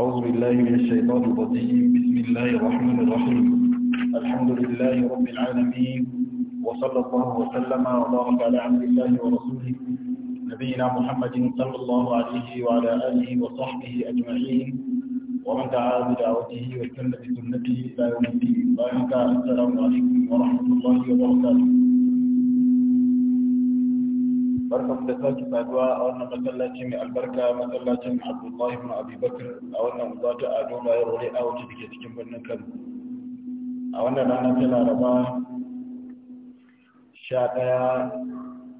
أعوذ بالله من الشيطان الرجيم بسم الله الرحمن الرحيم الحمد لله رب العالمين وصلى الله وسلم وبارك على عبد الله ورسوله نبينا محمد صلى الله عليه وعلى آله وصحبه أجمعين ومن دعا بدعوته واستنى بسنته إلى يوم الدين السلام عليكم ورحمة الله وبركاته barkamu da sake saduwa a wannan masallaci mai albarka masallacin abdullahi ibn abi bakr a wannan unguwa ado ado bayan rore a wacce take cikin birnin kano a wannan ranar ta laraba sha ɗaya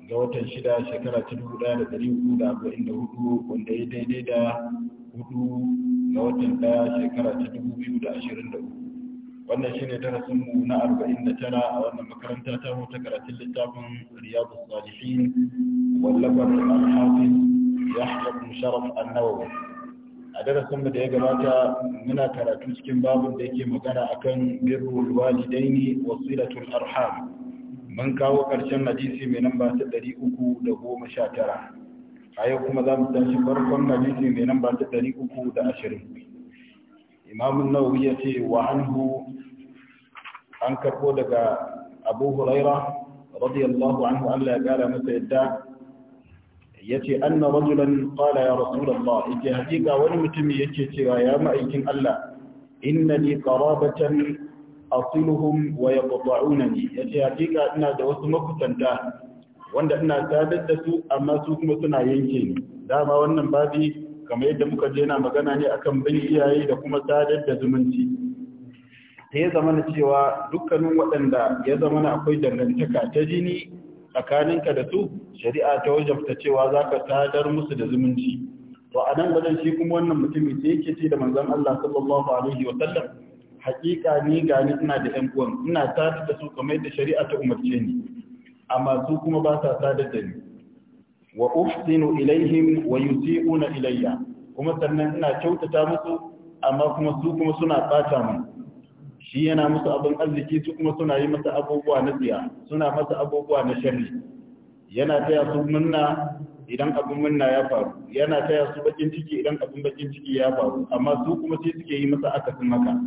ga watan shida shekara ta dubu ɗaya da ɗari hudu da arba'in da hudu wanda ya daidai da hudu ga watan ɗaya shekara ta dubu biyu da ashirin da uku wannan shine darasinmu na arba'in da tara a wannan makaranta ta hoto karatun littafin riyadu salihin wallafar alhafiz yahya bin sharaf an-nawawi a darasin da ya gabata muna karatu cikin babin da yake magana akan birrul wasu da tun arham mun kawo karshen hadisi mai namba ta 319 a yau kuma za mu tashi farkon hadisi mai namba ta da ashirin an-nawawi ya ce wa anhu an karɓo daga abu huraira radiyallahu anhu Allah ya kara masa yadda yace anna rajulan qala ya rasulullah yake hakika wani ya yake cewa ya ma'aikin Allah innani qarabatan asiluhum wa yaqta'unani yace hakika ina da wasu makusanta wanda ina sadar da su amma su kuma suna yanke ni dama wannan babi kamar yadda muka je na magana ne akan bin iyaye da kuma sadar da zumunci sai ya zama cewa dukkanin waɗanda ya zama akwai dangantaka ta jini tsakaninka da su shari'a ta wajabta cewa za ka sadar musu da zumunci to a nan wajen shi kuma wannan mutumin sai yake ce da manzan Allah sallallahu alaihi wa sallam haƙiƙa ni ga ni ina da ƴan uwan ina sadar da su kamar yadda shari'a ta umarce ni amma su kuma ba sa sadar da ni wa Uftinu ilaihim wa yuti'una ilayya kuma sannan ina kyautata musu amma kuma su kuma suna ɓata mun shi yana musu abin arziki su kuma suna yi masa abubuwa na tsiya suna masa abubuwa na sharri yana taya su munna idan abin munna ya faru yana taya su bakin ciki idan abin bakin ciki ya faru amma su kuma sai suke yi masa akasin haka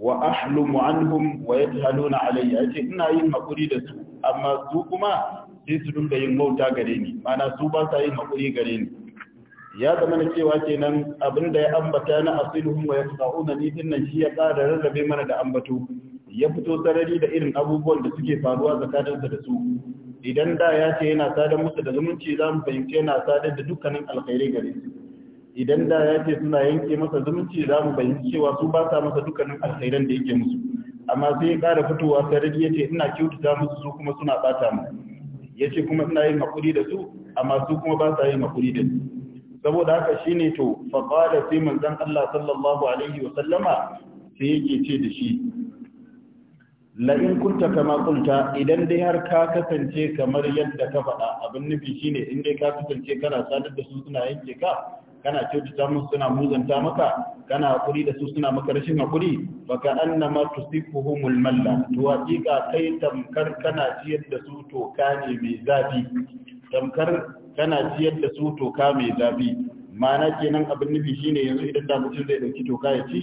wa ahlumu anhum wa yajhaluna alayya yace ina yin hakuri da su amma su kuma sai su dinga yin mauta gare ni mana su ba sa yin hakuri gare ni ya zama na cewa kenan abin da ya ambata na asiluhum wa yaqta'una ni nan shi ya ƙara rarrabe mana da ambato ya fito sarari da irin abubuwan da suke faruwa tsakaninsa da su idan da ya ce yana sadar musu da zumunci za mu fahimci yana sadar da dukkanin alkhairi gare su idan da ya ce suna yanke masa zumunci za mu fahimci cewa su ba sa masa dukkanin alkhairan da yake musu amma sai ya ƙara fitowa sarari ya ce ina kyautata musu su kuma suna ɓata mu ya ce kuma ina yin haƙuri da su amma su kuma ba sa yin haƙuri da su saboda haka shine to da sai manzon Allah sallallahu alaihi wa sallama sai yake ce da shi la in kunta kama kunta idan dai har ka kasance kamar yadda ka faɗa abin nufi shine in dai ka kasance kana sadar da su suna yanke ka kana kyautata musu suna muzanta maka kana hakuri da su suna maka rashin hakuri baka ka annama tusifuhumul malla to haƙiƙa kai tamkar kana ciyar da su ka ne mai zafi tamkar kana ciyar da su toka mai zafi ma'ana kenan abin nufi shine yanzu idan da mutum zai dauki toka ya ci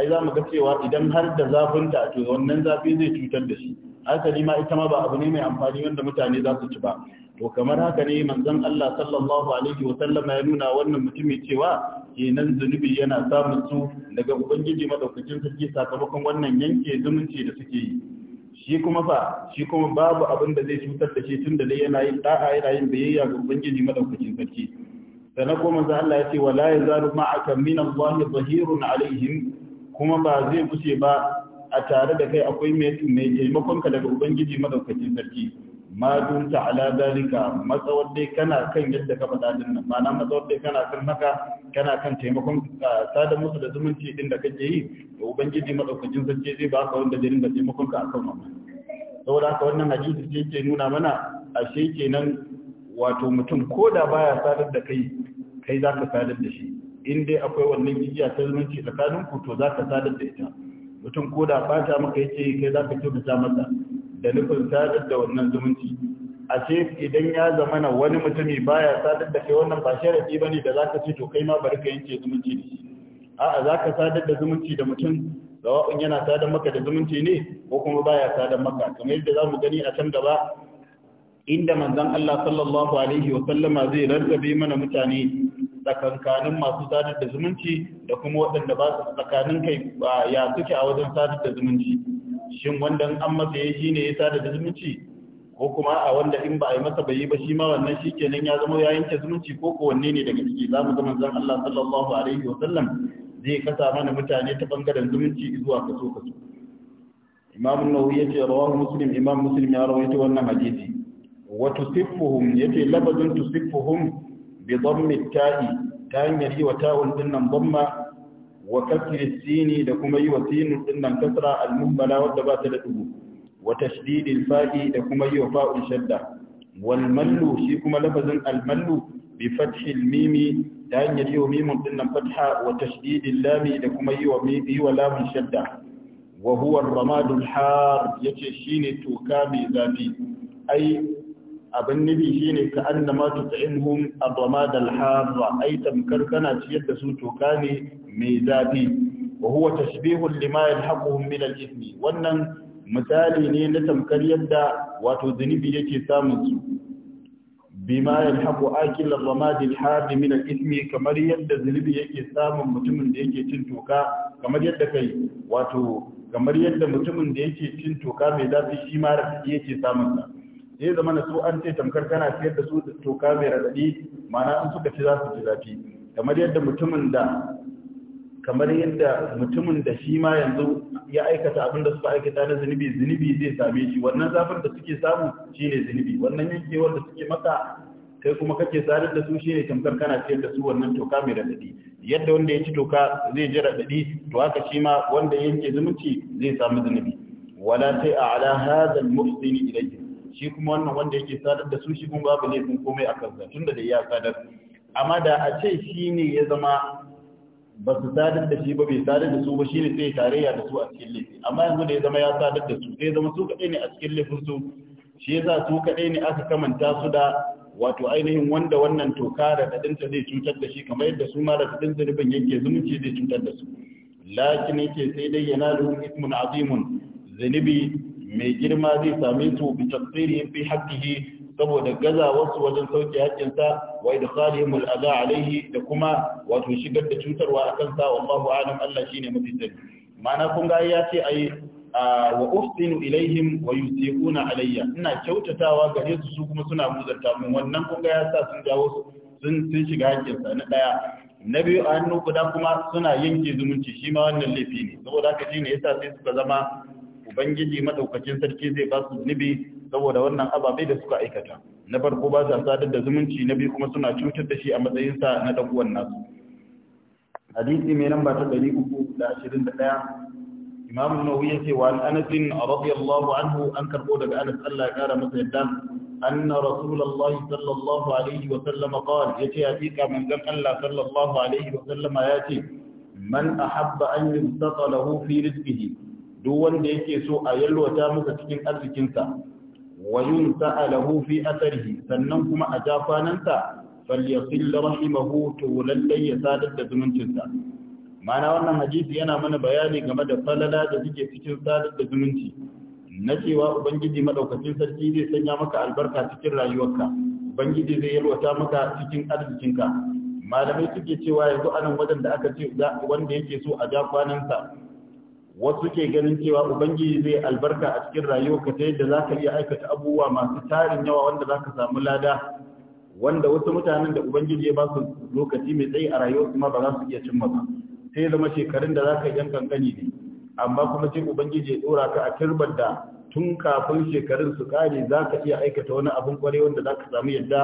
ai za mu ga cewa idan har da zafin ta to wannan zafi zai cutar da shi asali ma ita ma ba abu ne mai amfani wanda mutane za su ci ba to kamar haka ne manzon Allah sallallahu alaihi wa sallama ya nuna wannan mutumi cewa kenan zunubi yana samun su daga ubangiji madaukakin sarki sakamakon wannan yanke zumunci da suke yi shi kuma fa shi kuma babu abin da zai cutar da shi tun dai yana yin da'a yana yin biyayya ga ubangiji madaukakin sarki sannan kuma manzo Allah ya ce wala yazalu ma'aka min Allah zahirun alaihim kuma ba zai gushe ba a tare da kai akwai mai taimakon ka daga ubangiji madaukakin sarki ma dunta ala dalika matsawar dai kana kan yadda ka faɗa din nan ma'ana matsawar dai kana kan haka kana kan taimakon sada musu da zumunci din da kake yi da ubangiji madaukakin sarki zai ba ka wanda zai da taimakon ka akan wannan saboda haka wannan hadisi sai yake nuna mana ashe kenan wato mutum ko da baya sadar da kai kai za ka sadar da shi in dai akwai wannan jijiya ta zumunci tsakaninku to za ka sadar da ita mutum ko da fata maka yake kai za ka kyautata masa da nufin sadar da wannan zumunci a ce idan ya zama na wani mutumi baya sadar da kai wannan ba sharadi bane da zaka ce to kai ma bari ka yanke zumunci da shi a'a zaka sadar da zumunci da mutum zawabin yana sadar maka da zumunci ne ko kuma baya sadar maka kamar yadda zamu gani a can gaba inda manzon Allah sallallahu alaihi wa sallama zai rarrabe mana mutane tsakankanin masu sadar da zumunci da kuma waɗanda ba su tsakanin kai ya suke a wajen sadar da zumunci shin wanda an masa ya shi ne ya sada da zumunci ko kuma a wanda in ba a yi masa bai yi ba shi ma wannan shi kenan ya zama ya yanke zumunci ko ko wanne ne daga ciki za mu ga manzon Allah sallallahu alaihi wa sallam zai kasa mana mutane ta bangaren zumunci zuwa kaso kaso Imam nawawi ya ce rawahu Muslim Imam Muslim ya rawaito wannan hadisi wa tusifuhum yace labadun tusifuhum bi dhammi ta'i ta hanyar yi wa ta'un dinnan dhamma wa kasri sini da kuma yi wa sinin din nan kasra al-mummala wadda ba ta da dubu wa tashdidil fa'i da kuma yi wa fa'un shadda wal mallu shi kuma lafazin al mallu bi fathil mimi da hanyar yi wa mimin din nan fatha wa tashdidil lami da kuma yi wa yi wa shadda wa huwa ar-ramadul har yace shine toka mai zafi ai abin nufi shine ne ka an nama tuta'inhum a ramad alharra ai tamkar kana ciyar da su toka ne mai zafi wa huwa tashbihun lima yalhaquhum min al wannan misali ne na tamkar yadda wato zunubi yake samun su bima yalhaqu akil aikin ramad al-hard min al kamar yadda zunubi yake samun mutumin da yake cin toka kamar yadda kai wato kamar yadda mutumin da yake cin toka mai zafi shi ma yake samun sa sai zama na so an ce tamkar kana siyar da su da toka mai raɗaɗi, ma'ana an suka ci za su ci zafi kamar yadda mutumin da kamar yadda mutumin da shi ma yanzu ya aikata abin da suka aikata na zunubi zunubi zai same shi wannan zafin da suke samu shine zunubi wannan yankewar da suke maka kai kuma kake sadar da su shine tamkar kana ciyar da su wannan toka mai radadi yadda wanda ya ci toka zai ji radadi to haka shi ma wanda yanke zumunci zai samu zunubi wala sai a ala hada al-mufsini ilayhi shi kuma wannan wanda yake sadar da su shi kuma babu laifin komai a kansa tunda da ya sadar amma da a ce shine ya zama ba su sadar da shi ba bai sadar da su ba shi ne sai tarayya da su a cikin laifi amma yanzu da ya zama ya sadar da su sai zama su kaɗai ne a cikin laifin su shi ya sa su kaɗai ne aka kamanta su da wato ainihin wanda wannan toka da ɗinta zai cutar da shi kamar yadda su ma da ɗin ban yanke zumunci zai cutar da su lakin yake sai dai yana da ismun azimun Zanibi mai girma zai same su bi tafsiri fi haƙƙihi saboda gaza wasu wajen sauke haƙƙinsa wa idkhalihim al'adha alayhi da kuma wato shigar da cutarwa a sa, wallahu a'lam Allah shine mafi sani ma'ana kun ga ya ce ai wa ufsinu ilaihim wa yusiquna alayya ina kyautatawa gare su su kuma suna muzarta mun wannan kun ga ya sa sun jawo sun sun shiga haƙƙinsa na daya na biyu a hannu guda kuma suna yanke zumunci shi ma wannan laifi ne saboda haka shine yasa sai suka zama ubangiji madaukakin sarki zai ba su zunubi saboda wannan ababe da suka aikata na farko ba sa sadar da zumunci na biyu kuma suna cutar da shi a matsayinsa na dan uwan nasu hadisi mai ba ta uku da da ashirin ɗaya. imam an-nawawi yace wa anas radiyallahu anhu an karɓo daga anas Allah ya ƙara masa yadda an anna rasulullahi sallallahu alaihi wa sallama sallam ya yace hakika manzon Allah sallallahu alaihi wa sallama ya yace man ahabba an yustata lahu fi rizqihi duk wanda yake so a yalwata masa cikin arzikinsa wayun sa'alahu fi asarihi sannan kuma a jafanansa falyasil rahimahu to lallai ya sadar da zumuncinsa mana wannan hadisi yana mana bayani game da falala da suke cikin sadar da zumunci na cewa ubangiji madaukakin sarki zai sanya maka albarka cikin rayuwarka ubangiji zai yalwata maka cikin arzikinka malamai suke cewa yanzu anan wajen da aka ce wanda yake so a ja wasu ke ganin cewa ubangiji zai albarka a cikin rayuwarka ta yadda za ka iya aikata abubuwa masu tarin yawa wanda za ka samu lada wanda wasu mutanen da ubangiji ya ba su lokaci mai tsayi a rayuwar ma ba za su iya cimma ba sai zama shekarun da za ka yan kankani ne amma kuma sai ubangiji ya dora ka a turbar da tun kafin shekarun su kare za ka iya aikata wani abin kwarai wanda za ka samu yadda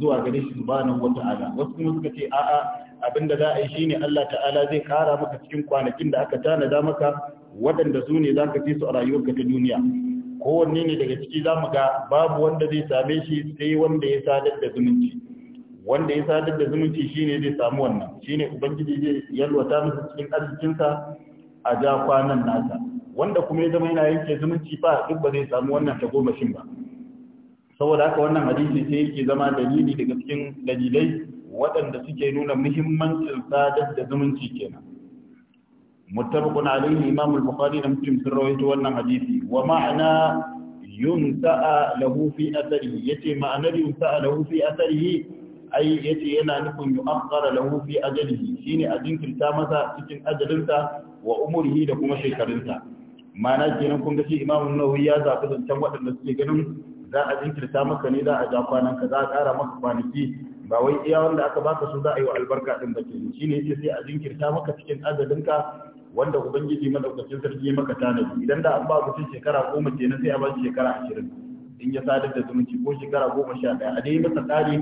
zuwa gare shi subhanahu wata'ala wasu kuma suka ce a'a Abin da za a yi shine Allah ta'ala zai kara maka cikin kwanakin da aka tanada maka waɗanda su ne za ka fi su a rayuwarka ta duniya kowanne ne daga ciki za mu ga babu wanda zai same shi sai wanda ya sadar da zumunci wanda ya sadar da zumunci shine zai samu wannan shine ubangiji zai yalwata masa cikin arzikinsa a ja kwanan nasa wanda kuma ya zama yana yanke zumunci ba duk ba zai samu wannan tagomashin ba saboda haka wannan hadisi sai yake zama dalili daga cikin dalilai waɗanda suke nuna muhimmancin sadar da zumunci kenan muttafaqun alayhi imam al-bukhari da muslim sun rawaito wannan hadisi wa ma'ana yunsa'a lahu fi atharihi yace ma'anar yunsa'a lahu fi atharihi ai yace yana nufin yu'akhkhara lahu fi ajalihi shine a jinkirta masa cikin ajalinsa wa umurihi da kuma shekarunsa ma'ana kenan kun ga shi imam an-nawawi ya zabi zancen waɗanda suke ganin za a jinkirta maka ne za a ja kwanan ka za a ƙara maka kwanaki ba wai iya wanda aka baka su za a yi wa albarka din ba kenan shine yace sai a jinkirta maka cikin azalinka wanda ubangiji madaukakin sarki ya maka tanadi idan da an ba mutum shekara goma kenan sai a ba shekara ashirin in ya sadar da zumunci ko shekara goma sha ɗaya a dai masa tsari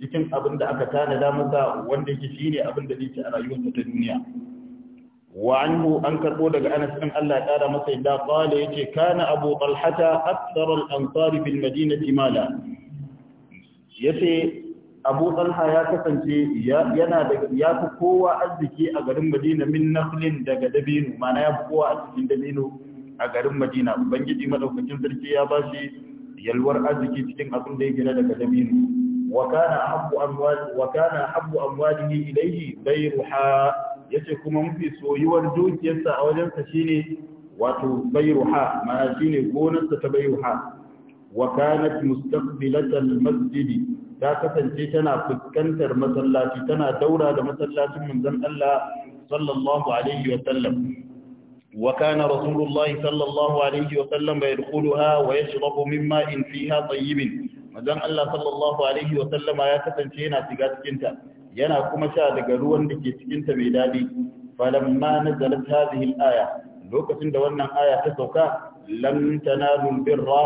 cikin abin da aka tanada masa wanda yake shine abin da zai a rayuwarsa ta duniya وعنه أنكر قولك أنس أن الله تعالى مسيدا قال يجي kana abu طلحة أكثر الأنصار bin المدينة مالا yace abu talha ya kasance yana ya fi kowa arziki a garin madina min naflin daga dabino mana ya fi kowa arzikin dabino a garin madina ubangiji madaukakin sarki ya ba shi yalwar arziki cikin abin da ya gina daga dabino wa kana habbu amwalihi ilayhi bayruha yace kuma mafi soyuwar dukiyarsa a wajen sa shine wato bayruha mana shine gonarsa ta bayruha wa kanat mustaqbilatal masjidi ta kasance tana fuskantar masallaci tana daura da masallacin manzon Allah sallallahu alaihi wa sallam wa kana rasulullah sallallahu alaihi wa sallam yadkhuluha wa yashrabu mimma in fiha tayyibin manzon Allah sallallahu alaihi wa sallam ya kasance yana shiga cikin ta yana kuma sha daga ruwan da ke cikin ta mai dadi falamma nazalat hadhihi al-aya lokacin da wannan aya ta sauka lam tanalu birra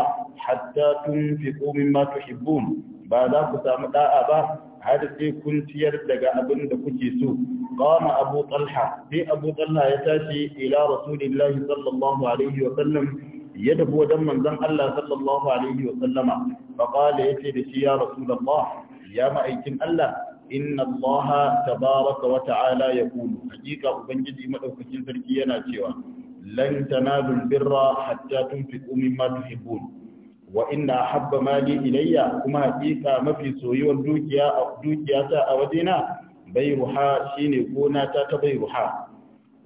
hatta tunfiqu mimma tuhibbun ba za ku samu da'a ba har sai kun ciyar daga abin da kuke so qama abu talha sai abu talha ya tashi ila rasulillahi sallallahu alaihi wa sallam ya tafi wajen manzon Allah sallallahu alaihi wa sallama fa qala yace da shi ya rasulullah ya ma'aikin Allah inna allaha tabaraka wa ta'ala yaqulu hakika ubangiji madaukakin sarki yana cewa lan tanalul birra hatta tunfiqu mimma tuhibbun wa ina habba mali ilayya kuma haƙiƙa mafi soyuwar dukiya a waje ta a wajena bayruha shine gona ta ta ruha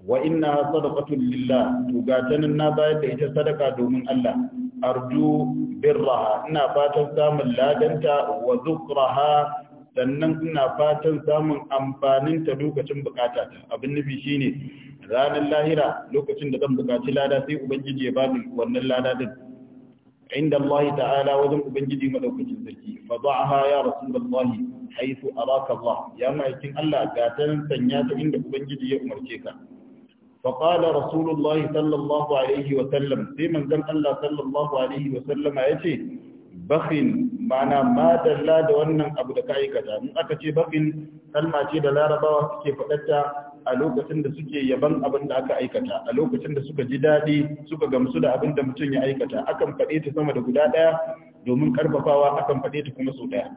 wa ina sadaqatun lillah to na bayar da ita sadaka domin Allah arju birraha ina fatan samun ladanta wa zukraha sannan ina fatan samun amfanin ta lokacin bukata abin nufi shine ranar lahira lokacin da zan bukaci lada sai ubangiji ya bani wannan lada din عند الله تعالى وزن أبنجدي ملوك الزكي فضعها يا رسول الله حيث أراك الله يا مأكين الله قاتل سنيات عند أبنجدي يأمر شيكا فقال رسول الله صلى الله عليه وسلم في من ذن الله صلى الله عليه وسلم يشي bakin mana ma dalla da wannan abu da ka aikata in aka ce bakin kalma ce da larabawa suke faɗatta a lokacin da suke yaban abin da aka aikata a lokacin da suka ji daɗi suka gamsu da abin da mutum ya aikata akan faɗe ta sama da guda ɗaya domin karfafawa akan faɗe ta kuma sau ɗaya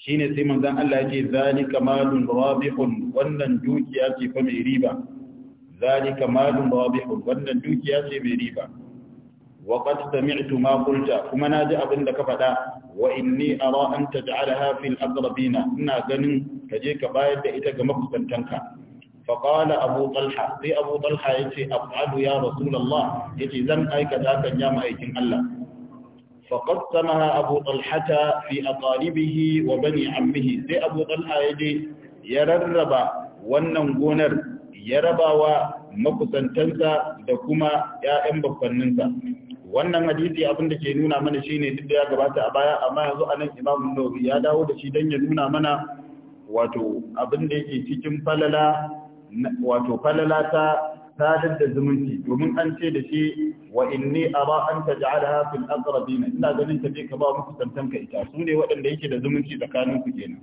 shine sai manzon Allah yake zalika malun rabihun wannan dukiya ce fa mai riba zalika malun rabihun wannan dukiya ce mai riba wa qad sami'tu ma qulta kuma naji abin da ka faɗa wa inni ara an taj'alaha fil aqrabina ina ganin ka je ka bayar da ita ga makusantanka fa qala abu talha sai abu talha yace af'alu ya rasulullah yace zan aikata kan ya ma'aikin Allah فقسمها أبو طلحة في أقاربه وبني عمه سي أبو طلحة يجي يررب وننقونر يربا ومكسنتنسا دكما يا أمبقننسا wannan hadisi abin da ke nuna mana shine duk da ya gabata a baya amma yanzu nan Imam Nawawi ya dawo da shi dan ya nuna mana wato abin da yake cikin falala wato falala ta sadar da zumunci domin an ce da shi wa inni ba an hafin fil aqrabin ina ganin ta je ka ba muku tantanka ita su ne waɗanda yake da zumunci tsakanin ku kenan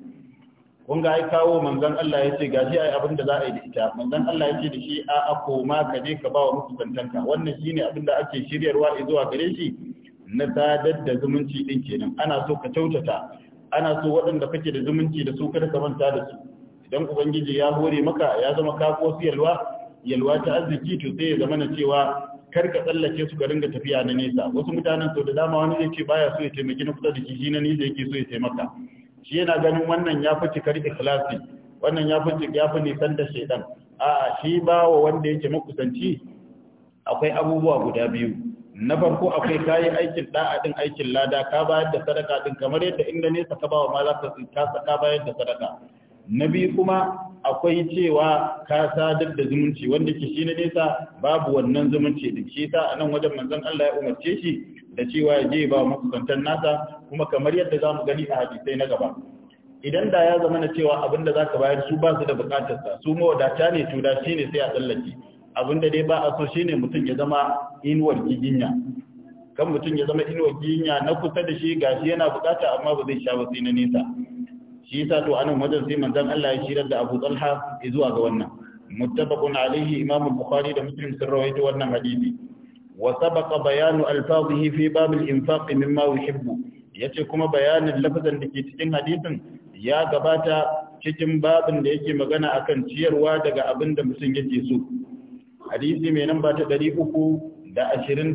kun ga ai kawo manzon Allah yace gashi ai abin da za a yi da ita manzon Allah yace da shi a a koma ka je ka bawa muku kantanka wannan shine abin da ake shiryarwa zuwa gare shi na sadar da zumunci din kenan ana so ka tautata ana so waɗanda kake da zumunci da su kada ka manta da su idan ubangiji ya hore maka ya zama ka ko yalwa yalwa ta arziki to sai ya zama na cewa kar ka tsallake su ka ringa tafiya na nesa wasu mutanen sau da dama wani zai ce baya so ya taimaki na kusa da shi na nesa yake so ya taimaka shi yana ganin wannan ya fi cikar ikhlasi wannan ya fi ya fi nisan da shaidan a shi ba wa wanda yake makusanci akwai abubuwa guda biyu na farko akwai kayi aikin da'a din aikin lada ka bayar da sadaka din kamar yadda inda ne ka ba wa ma za ka ka bayar da sadaka na biyu kuma akwai cewa ka sadar da zumunci wanda ke shi na nesa babu wannan zumunci din shi sa a nan wajen manzon Allah ya umarce shi da cewa ya je ba makusantan nasa kuma kamar yadda za mu gani a hadisai na gaba idan da ya zama na cewa abinda da za ka bayar su ba su da bukatarsa su mawadata ne tuda shi ne sai a tsallake abinda da dai ba a so shi ne mutum ya zama inuwar giginya kan mutum ya zama inuwar giginya na kusa da shi gashi yana bukata amma ba zai sha ba sai na nesa shi yasa to anan wajen sai manzon Allah ya shirar da Abu Talha zuwa ga wannan muttafaqun alaihi imamu Bukhari da Muslim sun rawaito wannan hadisi وسبق بيان ألفاظه في باب الإنفاق مما يحب yace kuma bayanin lafazan da ke cikin hadisin ya gabata cikin babin da yake magana akan ciyarwa daga abin da mutum yake so hadisi mai namba ta 323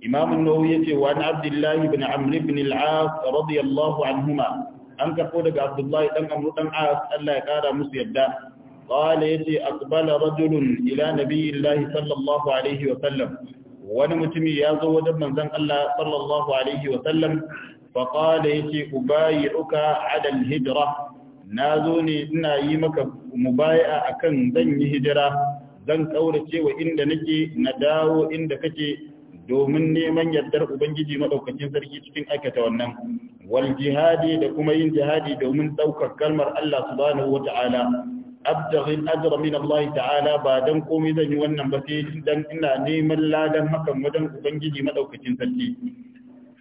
imam an-nawawi yace wa an abdullahi ibn amr ibn al-as radiyallahu anhuma an kafo daga abdullahi dan amr dan as Allah ya kara musu yadda قال يجي أقبل رجل إلى نبي الله صلى الله عليه وسلم ونمتمي يازو وجب من زن الله صلى الله عليه وسلم فقال يجي أبايعك على الهجرة نازوني إنا يمك مبايع أكن زن هجرة زن قولتي وإن نجي نداو إن دكتي domin neman yardar Ubangiji maɗaukacin sarki cikin aikata wannan, wal jihadi da kuma yin jihadi domin daukar kalmar Allah subhanahu wataala abdaghin ajra min Allah ta'ala ba dan komai zan yi wannan ba sai dan ina neman ladan hakan wajen ubangiji madaukakin sarki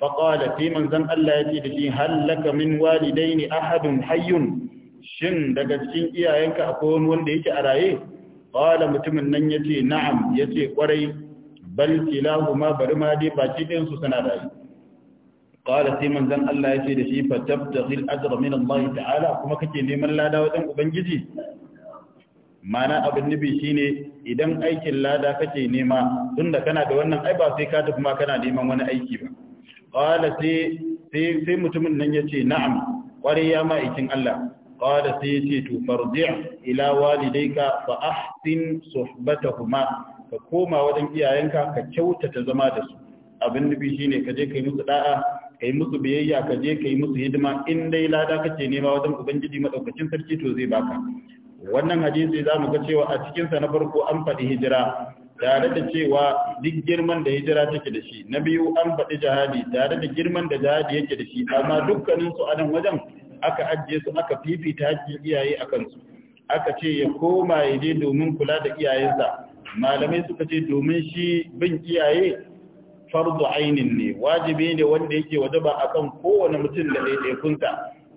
fa qala fi manzan Allah yace da shi halaka min walidaini ahadun hayyun shin daga cikin iyayenka akwai wani wanda yake a raye qala mutumin nan yace na'am yace kwarai bal kilahuma bari ma dai baki ɗayan su suna raye qala fi manzan Allah yace da shi fa tabtaghil ajra min Allah ta'ala kuma kake neman lada wajen ubangiji mana abin nufi shine idan aikin lada kake nema da kana da wannan ai ba sai ka tafi ma kana neman wani aiki ba qala sai sai mutumin nan yace na'am kware ya ma aikin Allah qala sai yace to farji ila walidayka fa ahsin suhbatahuma ka koma wajen iyayenka ka kyautata zama da su abin nufi shine ka je kai musu da'a kai musu biyayya ka je kai musu hidima in dai lada kake nema wajen ubangiji madaukakin sarki to zai baka wannan hadisi za mu ga cewa a cikinsa na farko an faɗi hijira tare da cewa duk girman da hijira take da shi na biyu an faɗi jihadi tare da girman da jihadi yake da shi amma dukkaninsu a nan wajen aka ajiye su aka fifita hakkin iyaye a kansu aka ce ya koma ya je domin kula da iyayensa malamai suka ce domin shi bin iyaye fardu ainin ne wajibi ne wanda yake wajaba akan kowane mutum da ɗaiɗaikunta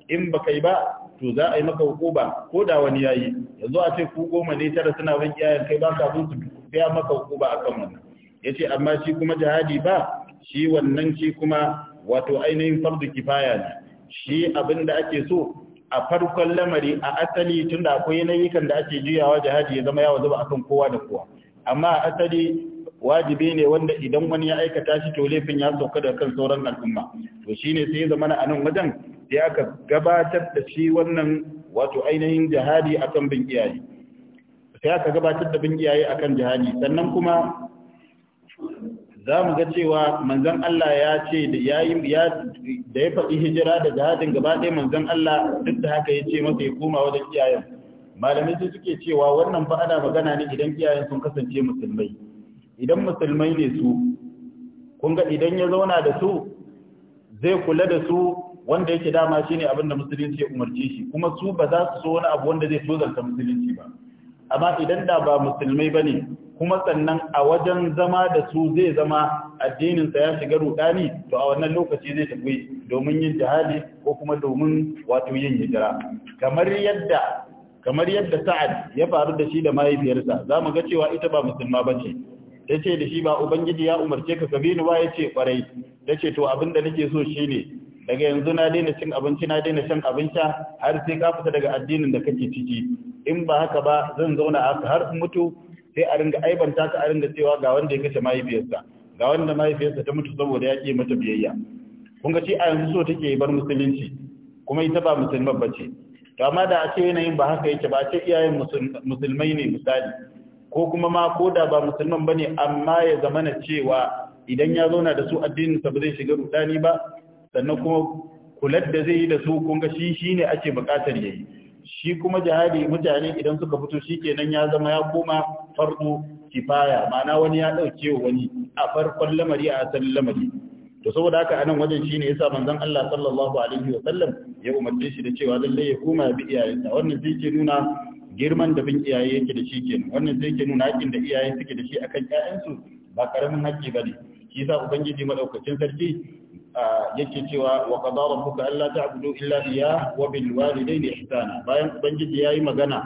in ba kai ba to za a yi maka hukuma ko da wani yayi yanzu a ce ku goma ne tara suna bin iyayen kai ba ka bin su biya maka hukuba akan wannan yace amma shi kuma jihadi ba shi wannan shi kuma wato ainihin fardu kifaya ne shi abin da ake so a farkon lamari a asali tunda akwai yanayikan da ake juyawa jihadi ya zama yawa zuba akan kowa da kowa amma a asali wajibi ne wanda idan wani ya aikata shi to laifin ya sauka da kan sauran al'umma to shine sai ya zama a nan wajen sai aka gabatar da shi wannan wato ainihin jihadi akan bin iyaye sai aka gabatar da bin iyaye akan jihadi sannan kuma za mu ga cewa manzon Allah ya ce da ya da faɗi hijira da jihadin gaba ɗaya manzon Allah duk da haka ya ce masa ya koma wajen iyayen malamai sai suke cewa wannan fa'ada ana magana ne idan iyayen sun kasance musulmai idan musulmai ne su kun idan ya zauna da su zai kula da su wanda yake dama shine abin da musulunci ya umarci shi kuma su ba za su so wani abu wanda zai tozarta musulunci ba amma idan da ba musulmai ba ne, kuma sannan a wajen zama da su zai zama addininsa ya shiga rudani to a wannan lokaci zai tafi domin yin jihadi ko kuma domin wato yin hijira kamar yadda kamar yadda Sa'ad ya faru da shi da mahaifiyarsa zamu ga cewa ita ba musulma bace ya ce da shi ba ubangiji ya umarce ka ka ni ba ya ce kwarai tace to abin da nake so shine daga yanzu na daina cin abinci na daina shan abin sha har sai ka fita daga addinin da kake ciki in ba haka ba zan zauna haka har in mutu sai a ringa aibanta ka a ringa cewa ga wanda ya kashe mahaifiyarsa ga wanda mahaifiyarsa ta mutu saboda ya ƙi mata biyayya kun ga shi a yanzu so take bar musulunci kuma ita ba musulman bace to amma da a ce yanayin ba haka yake ba a ce iyayen musulmai ne misali ko kuma ma ko da ba musulman ba ne amma ya zamana cewa idan ya zauna da su addininsa ba zai shiga rudani ba sannan kuma kulat da zai yi da su kun ga shi shi ne ake buƙatar ya yi shi kuma jihadi mutane idan suka fito shi kenan ya zama ya koma fardu kifaya ma'ana wani ya ɗauke wani a farkon lamari a asalin lamari to saboda haka anan wajen ne yasa manzon Allah sallallahu alaihi wa sallam ya umarce shi da cewa lalle ya koma bi iyayensa wannan zai ke nuna girman da bin iyaye yake da shi kenan wannan zai ke nuna haƙƙin da iyaye suke da shi akan ƴaƴansu ba karamin hakki bane shi yasa ubangiji madaukakin sarki yake cewa wa qada allah ta ta'budu illa iyyah wa bil walidayni ihsana bayan ubangiji yayi magana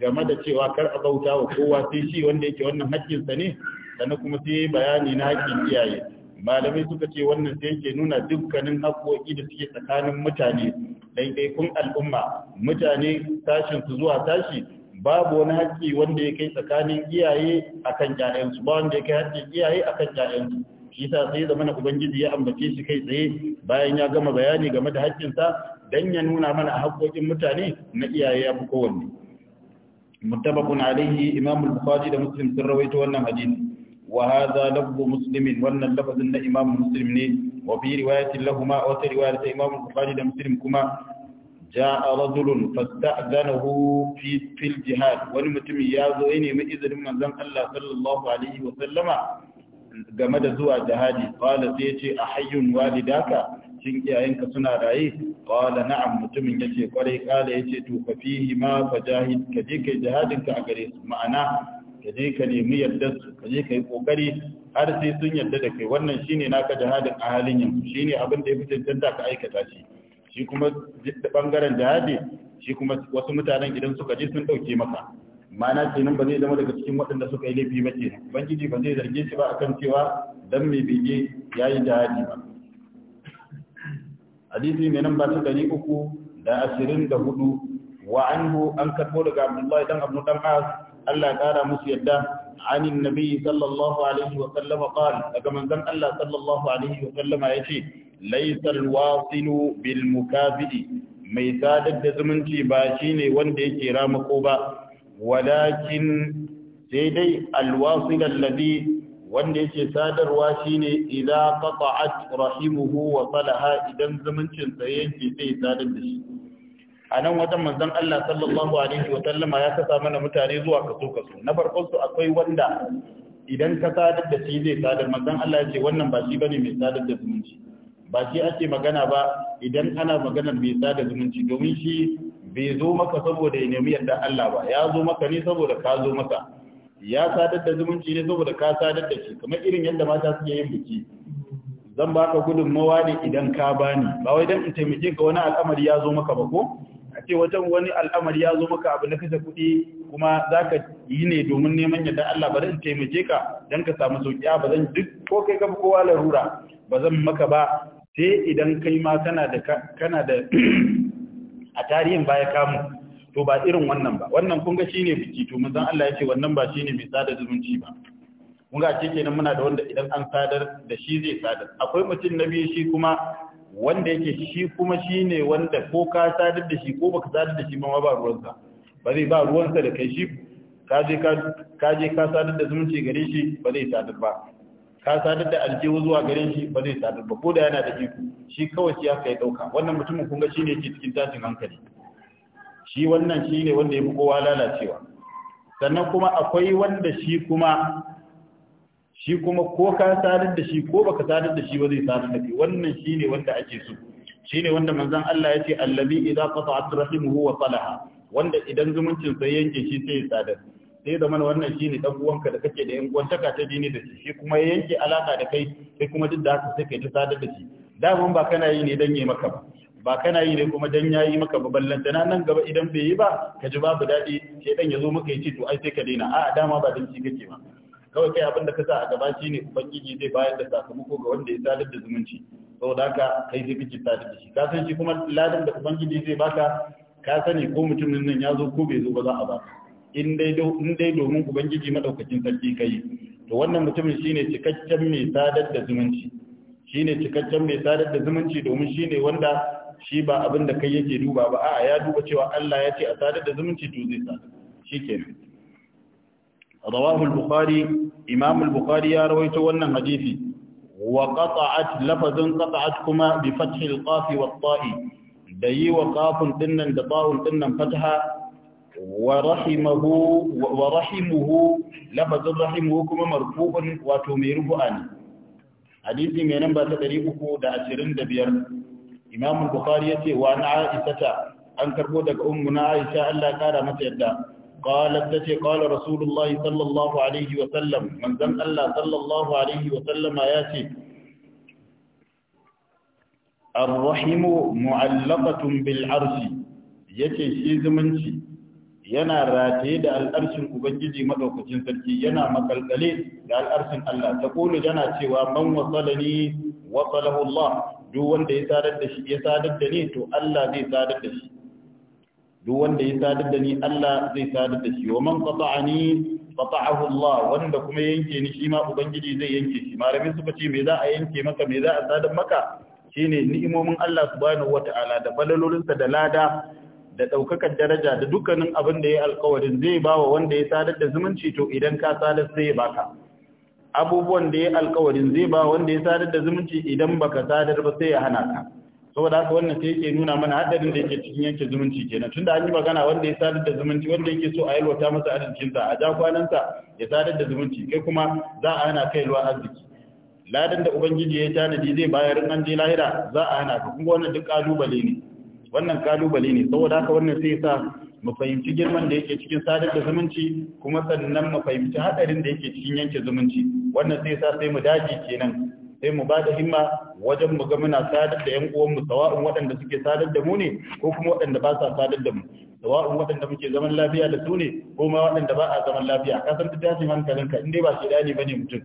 game da cewa kar a bauta wa kowa sai shi wanda yake wannan hakkin sa ne sannan kuma sai bayani na hakkin iyaye malamai suka ce wannan sai yake nuna dukkanin haƙoƙi da suke tsakanin mutane ɗaiɗaikun al'umma mutane tashin su zuwa tashi babu wani haƙƙi wanda ya kai tsakanin iyaye akan ƴaƴansu ba wanda ya kai haƙƙin iyaye akan ƴaƴansu shi sa sai zamana ubangiji ya ambace shi kai tsaye bayan ya gama bayani game da haƙƙinsa dan ya nuna mana haƙƙoƙin mutane na iyaye ya fi kowanne muttafaqun alayhi imam al-bukhari da muslim sun rawaito wannan hadisi wa hadha lafzu muslimin wannan lafazin na imam muslim ne وفي رواية لهما أو رواية إمام البخاري لمسلم كما جاء رجل فاستأذنه في في الجهاد ولمتم يازو إني من إذن من زم الله صلى الله عليه وسلم game da zuwa jihadi qala sai yace ahayyun walidaka shin iyayenka suna raye qala na'am mutumin yace kwarai qala yace to fa fihi ma fajahid kaje kai jihadinka a gare su ma'ana kaje ka nemi yadda kaje kai kokari har sai sun yarda da kai wannan shine naka jihadin a halin yanzu shine abin da ya fi tantanta ka aikata shi shi kuma bangaren jihadi shi kuma wasu mutanen idan suka je sun dauke maka mana kenan ba zai zama daga cikin waɗanda suka yi laifi ba kenan ubangiji ba zai zarge shi ba akan cewa dan mai bege yayi jihadi ba hadisi mai nan ba su dari uku da ashirin da hudu wa anhu an karɓo daga abdullahi dan abdu dan as Allah ya kara musu yadda عن النبي صلى الله عليه وسلم قال كما ذن الله صلى الله عليه وسلم يتي ليس الواصل بالمكافئ mai sadar da zumunci ba shine wanda yake ramako ba walakin sai dai alwasil alladhi wanda yake sadarwa shine idza qata'at rahimuhu wa salaha idan zumuncin sa yake sai sadar da shi a nan wajen manzon Allah sallallahu alaihi wa sallama ya kasa mana mutane zuwa kaso kaso na farkon su akwai wanda idan ka sadar da shi zai sadar manzon Allah ya ce wannan ba shi bane mai sadar da zumunci ba shi ake magana ba idan ana maganar mai sadar zumunci domin shi bai zo maka saboda ya nemi yarda Allah ba ya zo maka ne saboda ka zo maka ya sadar da zumunci ne saboda ka sadar da shi kamar irin yadda mata suke yin biki zan baka gudunmawa ne idan ka bani ba wai dan in taimake ka wani al'amari ya zo maka ba ko ce wajen wani al'amari ya zo maka abu na kashe kuɗi kuma za ka yi ne domin neman yadda Allah ba zan taimake ka don ka samu sauƙiya ba zan duk ko kai kafa kowa larura ba zan maka ba sai idan kai ma kana da kana a tarihin baya kamu to ba irin wannan ba wannan kun ga shine biki to san Allah ya ce wannan ba shine mai sada zumunci ba kun ga ce kenan muna da wanda idan an sadar da shi zai sadar akwai mutum na shi kuma wanda yake shi kuma shi ne wanda ko ka sadar da shi ko baka sadar da shi ma ba ruwansa ba zai ba ruwansa da kai shi ka je ka sadar da zumunci gare shi ba zai sadar ba ka sadar da aljihu zuwa gare shi ba zai sadar ba ko da yana da iko shi kawai shi aka yi dauka wannan mutumin kun ga shi ne ke cikin tashin hankali shi wannan shi ne wanda ya fi kowa lalacewa sannan kuma akwai wanda shi kuma shi kuma ko ka sadar da shi ko baka sadar da shi ba zai sadar da kai wannan shine wanda ake so shine wanda manzon Allah ya ce allazi idza qata'at rahimuhu wa salaha wanda idan zumuncin sai yanke shi sai ya sadar sai zaman wannan shine dan uwanka da kake da yan uwantaka ta dini da shi kuma ya yanke alaka da kai sai kuma duk da haka sai kai ta sadar da shi Dama ba kana yi ne dan yayi maka ba ba kana yi ne kuma dan yayi maka ba ballantana nan gaba idan bai yi ba ka ji babu dadi sai dan ya zo maka ya ce to ai sai ka daina a'a dama ba dan shi kake ba kawai kai abin da ka sa a gaba ne ubangiji zai bayar da sakamako ga wanda ya sadar da zumunci saboda haka kai zai kike sadar da shi ka san shi kuma ladan da ubangiji zai baka ka sani ko mutumin nan ya zo ko bai zo ba za a baka in dai in dai domin ubangiji madaukakin sarki kai to wannan mutumin shine cikakken mai sadar da zumunci shine cikakken mai sadar da zumunci domin shine wanda shi ba abin da kai yake duba ba a'a ya duba cewa Allah ya ce a sadar da zumunci to zai sadar shikenan رواه البخاري إمام البخاري يا رويت ون حديثي وقطعت لفظ قطعت كما بفتح القاف والطاء دي وقاف تنا دطاء تنا فتحا ورحمه ورحمه لفظ رحمه كما مرفوع وتميره أن حديث من نمبر تدريبه دا أشرين دبير إمام البخاري يتي وعن عائشة أنكر بودك أمنا عائشة ألا قال متى يدى قالت تتي قال رسول الله صلى الله عليه وسلم من ذن الله صلى الله عليه وسلم آياتي الرحم معلقة بالعرش يتي شيز منشي ينا راتيد الأرش أبنجي مدوك جنسركي ينا مقلقلي الأرش الله تقول جنا سوى من وصلني وصله الله دو وند يسادد دني تو الله دي سادد دشي duk wanda ya sadar da ni Allah zai sadar da shi wa man qata'ani qata'ahu Allah wanda kuma yanke ni shi ma ubangiji zai yanke shi malamin suka ce me za a yanke maka me za a sadar maka shine ni'imomin Allah subhanahu wata'ala da balalolinsa da lada da daukakar daraja da dukkanin abin da ya alƙawarin zai bawa wanda ya sadar da zumunci to idan ka sadar sai ya baka abubuwan da ya alƙawarin zai ba wanda ya sadar da zumunci idan baka sadar ba sai ya hana ka saboda haka wannan sai yake nuna mana hadarin da yake cikin yanke zumunci kenan tunda an yi magana wanda ya sadar da zumunci wanda yake so a yalwata masa arzikin sa a ja kwanansa ya sadar da zumunci kai kuma za a hana kai ruwa arziki ladan da ubangiji ya tanadi zai bayar nan je lahira za a hana ka kuma wannan duk kalubale ne wannan kalubale ne saboda haka wannan sai sa mu fahimci girman da yake cikin sadar da zumunci kuma sannan mu fahimci hadarin da yake cikin yanke zumunci wannan sai sa sai mu daji kenan sai mu ba da himma wajen mu ga muna sadar da ƴan uwanmu sawa'un waɗanda suke sadar da mu ne ko kuma waɗanda ba sa sadar da mu sawa'un waɗanda muke zaman lafiya da su ne ko ma waɗanda ba a zaman lafiya ka san tashin hankalinka in dai ba shi dani bane mutum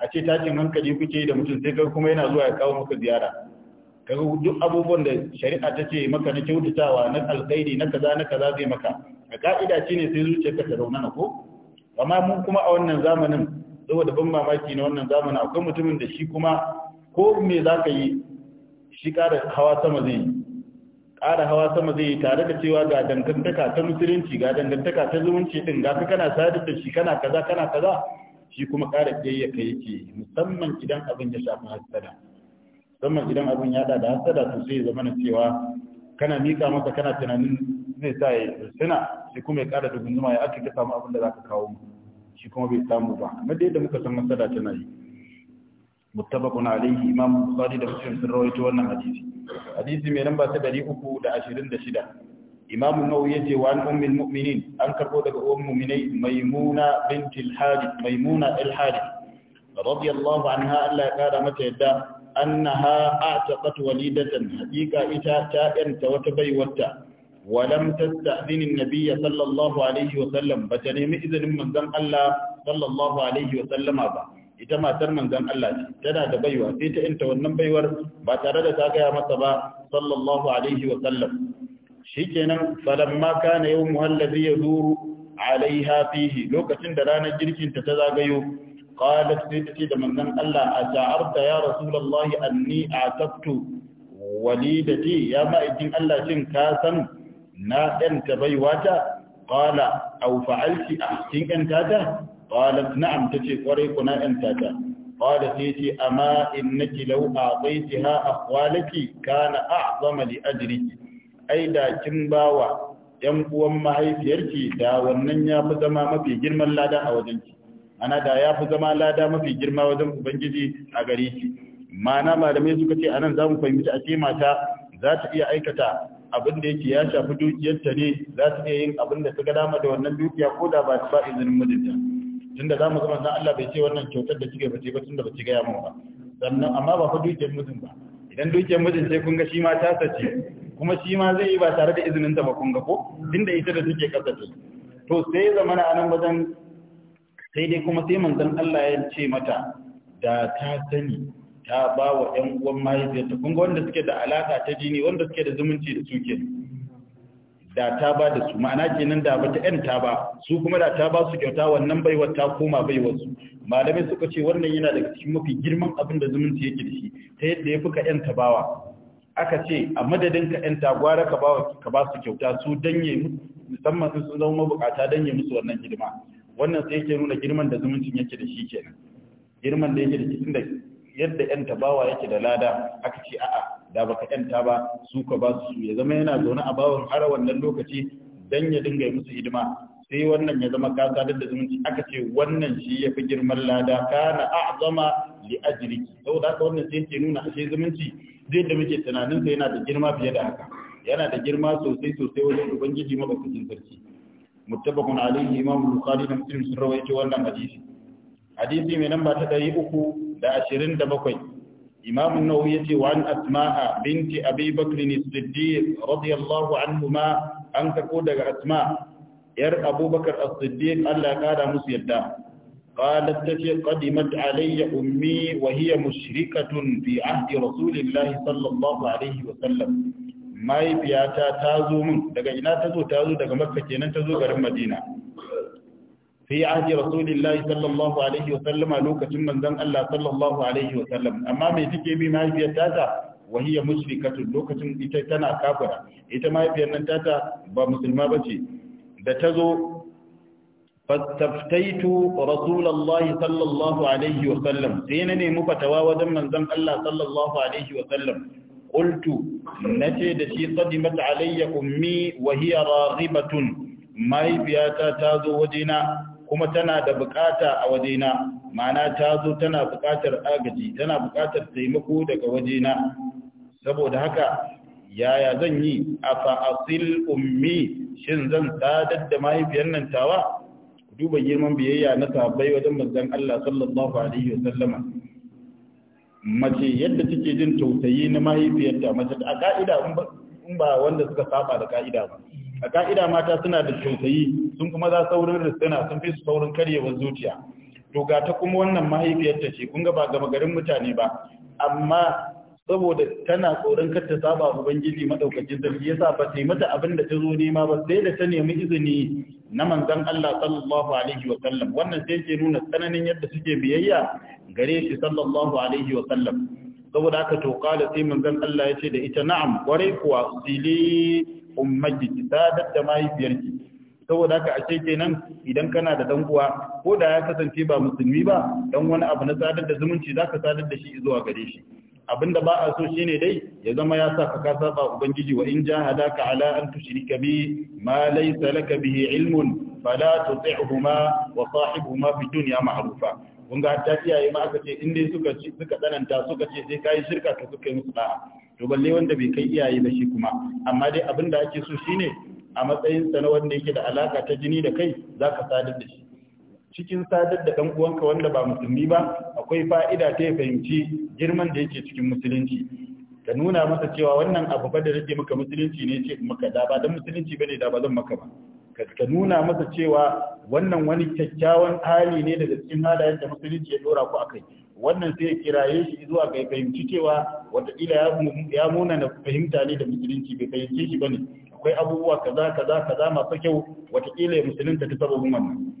a ce tashin hankali kuke yi da mutum sai kai kuma yana zuwa ya kawo maka ziyara ga duk abubuwan da shari'a ta ce maka na kyautatawa na alkhairi na kaza na kaza zai maka a ka'ida shine sai zuciyarka ta raunana ko amma mun kuma a wannan zamanin saboda ban mamaki na wannan zamanin akwai mutumin da shi kuma ko me za ka yi shi ƙara hawa sama zai yi ƙara hawa sama zai yi tare da cewa ga dangantaka ta musulunci ga dangantaka ta zumunci ɗin ga ka kana sadar da shi kana kaza kana kaza shi kuma ƙara ƙiyayya ka yake musamman idan abin ya shafi hasada musamman idan abin ya da hasada to sai zama na cewa kana miƙa masa kana tunanin zai sa ya suna sai kuma ya ƙara zuma ya ake ka samu abin da za ka kawo mu shi kuma bai samu ba amma dai da muka san masala tana yi muttafaqun alayhi imam bukhari da muslim sun rawaito wannan hadisi hadisi mai namba ta 326 imam an-nawawi yace wa an ummul mu'minin an karbo daga ummul mu'minai maimuna binti al-harith maimuna al-harith radiyallahu anha Allah ya kara mata yadda annaha a'taqat walidatan haqiqa ita ta yanta wata baiwarta ولم تستأذن النبي صلى الله عليه وسلم بتنم إذن من ذن الله صلى الله عليه وسلم أبا ita matar manzon Allah ce tana da baiwa sai ta inta wannan baiwar ba tare da ta gaya masa ba sallallahu alaihi wa sallam shikenan falamma kana yawmu alladhi yaduru alaiha fihi lokacin da ranar girkin ta ta zagayo qalat sai ta ce da manzon Allah a ta'arta ya rasulullahi anni a'tabtu walidati ya ma'aikin Allah shin ka san na ɗanta baiwata ƙala au a kin 'yantata? ta ƙala na'am ta ce ƙwarai kuna ɗanta ta ƙala sai ce amma in na lau a tsaiti ha a kwalaki kana a zama da ajiriki ai da kin bawa ‘yan uwan mahaifiyarki da wannan ya fi zama mafi girman lada a wajen ki, ana da ya fi zama lada mafi girma wajen ubangiji a gare ki mana malamai suka ce anan za mu fahimci a ce mata za ta iya aikata abin da yake ya shafi dukiyarta ne za su iya yin abin da suka ga dama da wannan dukiya ko da ba su ba izinin mijinta tunda za mu zama san Allah bai ce wannan kyautar da kike bace ba tunda bace gaya mun ba sannan amma ba fa dukiyar mijin ba idan dukiyar mijin sai kun ga shi ma ta sace kuma shi ma zai yi ba tare da izinin ta ba kun ga ko tunda ita da take kasace to sai zamana anan wajen sai dai kuma sai manzon Allah ya ce mata da ta sani ta ba wa ‘yan uwan mahaifiyarta kun wanda suke da alaka ta jini wanda suke da zumunci da suke da ta ba da su ma'ana kenan da bata ‘yan ta ba su kuma da ta ba su kyauta wannan baiwar ta koma baiwar su malamai suka ce wannan yana daga cikin mafi girman abin da zumunci yake da shi ta yadda ya fi ka ‘yan ta bawa aka ce a madadin ka ‘yan ta gwara ka ba ka ba su kyauta su danye musamman sun sun zama dan danye musu wannan hidima wannan sai yake nuna girman da zumuncin yake da shi kenan girman da yake da shi tun da yadda yanta bawa yake da lada aka ce a'a da baka yanta ba su ka ba su ya zama yana zaune a bawan har wannan lokaci dan ya dinga musu hidima sai wannan ya zama ka sadar da zumunci aka ce wannan shi ya fi girman lada kana a'zama li sau da haka wannan sai yake nuna ashe zumunci zai da muke tunaninsa yana da girma fiye da haka yana da girma sosai sosai wajen ubangiji madaukakin sarki muttafaqun alaihi imam bukhari da muslim sun rawaito wannan hadisi hadisi mai namba ta uku. da ashirin da bakwai imamu nahu yace ce wa'an asma'a binti abubakarin siddiq radiyallahu anhu ma an kako daga asma yar abubakar siddiq allah Kara musu yadda qalat ta ce qadimat alayya ummi wa hiya mushrikatun fi ahdi rasulillah sallallahu alaihi wa sallam mai daga ina ta zo ta zo daga makka kenan ta zo garin madina fi ajiye rasulillahi sallallahu alaihi wa sallam a lokacin manzon Allah sallallahu alaihi wa sallam amma me take bi mahaifiyar tata wahiya mushrikatun lokacin ita tana kafara. ita mahaifiyar nan ba musulma bace da tazo فاستفتيت رسول الله صلى الله عليه وسلم سينني مفتوى ودم من ذنب الله صلى الله عليه وسلم قلت نتي دشي صدمت علي أمي وهي راغبة ما يبياتا تازو وجنا kuma tana da bukata a wajena ma'ana ta zo tana bukatar agaji tana bukatar taimako daga wajena saboda haka yaya zan yi a fa'asil ummi shin zan sadar da mahaifiyar nan tawa duba girman biyayya na sahabbai wajen manzon Allah sallallahu alaihi wasallama mace yadda take jin tausayi na mahaifiyarta mace a ka'ida in ba wanda suka saba da ka'ida ba a ka'ida mata suna da tausayi sun kuma za saurin ristana sun fi su saurin karyewar zuciya to ga ta kuma wannan mahaifiyarta ce kun ga ba gaba garin mutane ba amma saboda tana tsoron kar ta saba ubangiji madaukakin sarki yasa ba ta yi mata abin da ta zo nema ba sai da ta nemi izini na manzon Allah sallallahu alaihi wa sallam wannan sai ke nuna tsananin yadda suke biyayya gare shi sallallahu alaihi wa sallam saboda haka to kala sai manzon Allah ya ce da ita na'am kwarai kuwa sili ummaki ki sadar da mahaifiyarki saboda haka ashe kenan idan kana da dan uwa ko da ya kasance ba musulmi ba dan wani abu na sadar da zumunci zaka sadar da shi zuwa gare shi abinda ba a so shine dai ya zama ya sa ka saba ubangiji wa in jahadaka ala an tushrika bi ma laysa laka bihi ilmun fala tuti'huma wa sahibhuma fi dunya ma'rufa kun ga hatta iyaye ma aka ce in dai suka suka tsananta suka ce sai kai shirka ka suka yi musu da'a to balle wanda bai kai iyaye ba shi kuma amma dai abin da ake so shine a matsayin sa na wanda yake da alaka ta jini da kai zaka sadar da shi cikin sadar da dan uwanka wanda ba musulmi ba akwai fa'ida ta fahimci girman da yake cikin musulunci ka nuna masa cewa wannan abu fa da rage maka musulunci ne ce maka da ba dan musulunci bane da ba zan maka ba ka nuna masa cewa wannan wani kyakkyawan hali ne daga cikin halayen da musulunci ya dora ku akai wannan sai ya kiraye shi zuwa ga fahimci cewa wataƙila ya muna na fahimta ne da musulunci bai fahimce shi ba ne akwai abubuwa kaza kaza kaza masu kyau wataƙila ya musulunta ta sababin wannan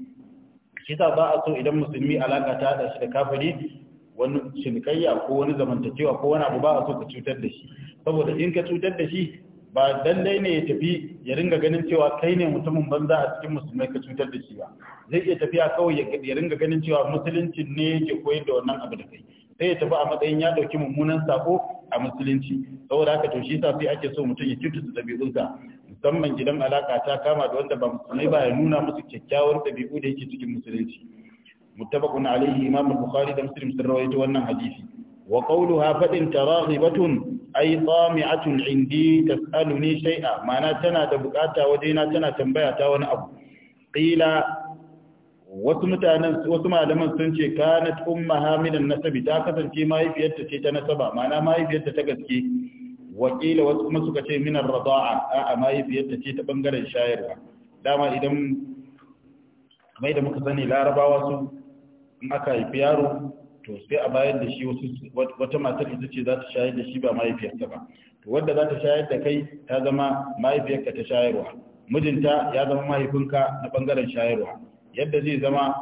shi ta ba a so idan musulmi alaka ta da shi da kafiri wani shinkayya ko wani zamantakewa ko wani abu ba a so ka cutar da shi saboda in ka cutar da shi ba lallai ne ya tafi ya ringa ganin cewa kai ne mutumin banza a cikin musulmai ka cutar da shi ba zai iya tafiya kawai ya ringa ganin cewa musulunci ne yake koyar da wannan abu da kai sai ya tafi a matsayin ya dauki mummunan sako a musulunci saboda haka to shi sai ake so mutum ya da dabi'unsa musamman gidan alaka ta kama da wanda ba musulmai ba ya nuna musu kyakkyawar dabi'u da yake cikin musulunci muttafaqun alaihi imam al-bukhari da muslim sun rawaito wannan hadisi وقولها فإن تراغبة أي طامعة عندي تسألني شيئا ما ناتنا تبقاتا ودينا تنا تنبيعتا ونأب قيل وسمع لمن سنشي كانت أمها من النسب تاكسا ما يفيدت تيتا نسبا ما نا ما يفيدت تكسكي وقيل وسمع سكتي من الرضاعة ما يفيدت تيتا بنغر الشاعر داما إذا ما إذا مكسني لا ربا وسو أكا يفيارو to sai a bayar da shi wata matar ita ce za ta shayar da shi ba mahaifiyarta ba to wanda za ta shayar da kai ta zama mahaifiyarka ta shayarwa mijinta ya zama mahaifinka na bangaren shayarwa yadda zai zama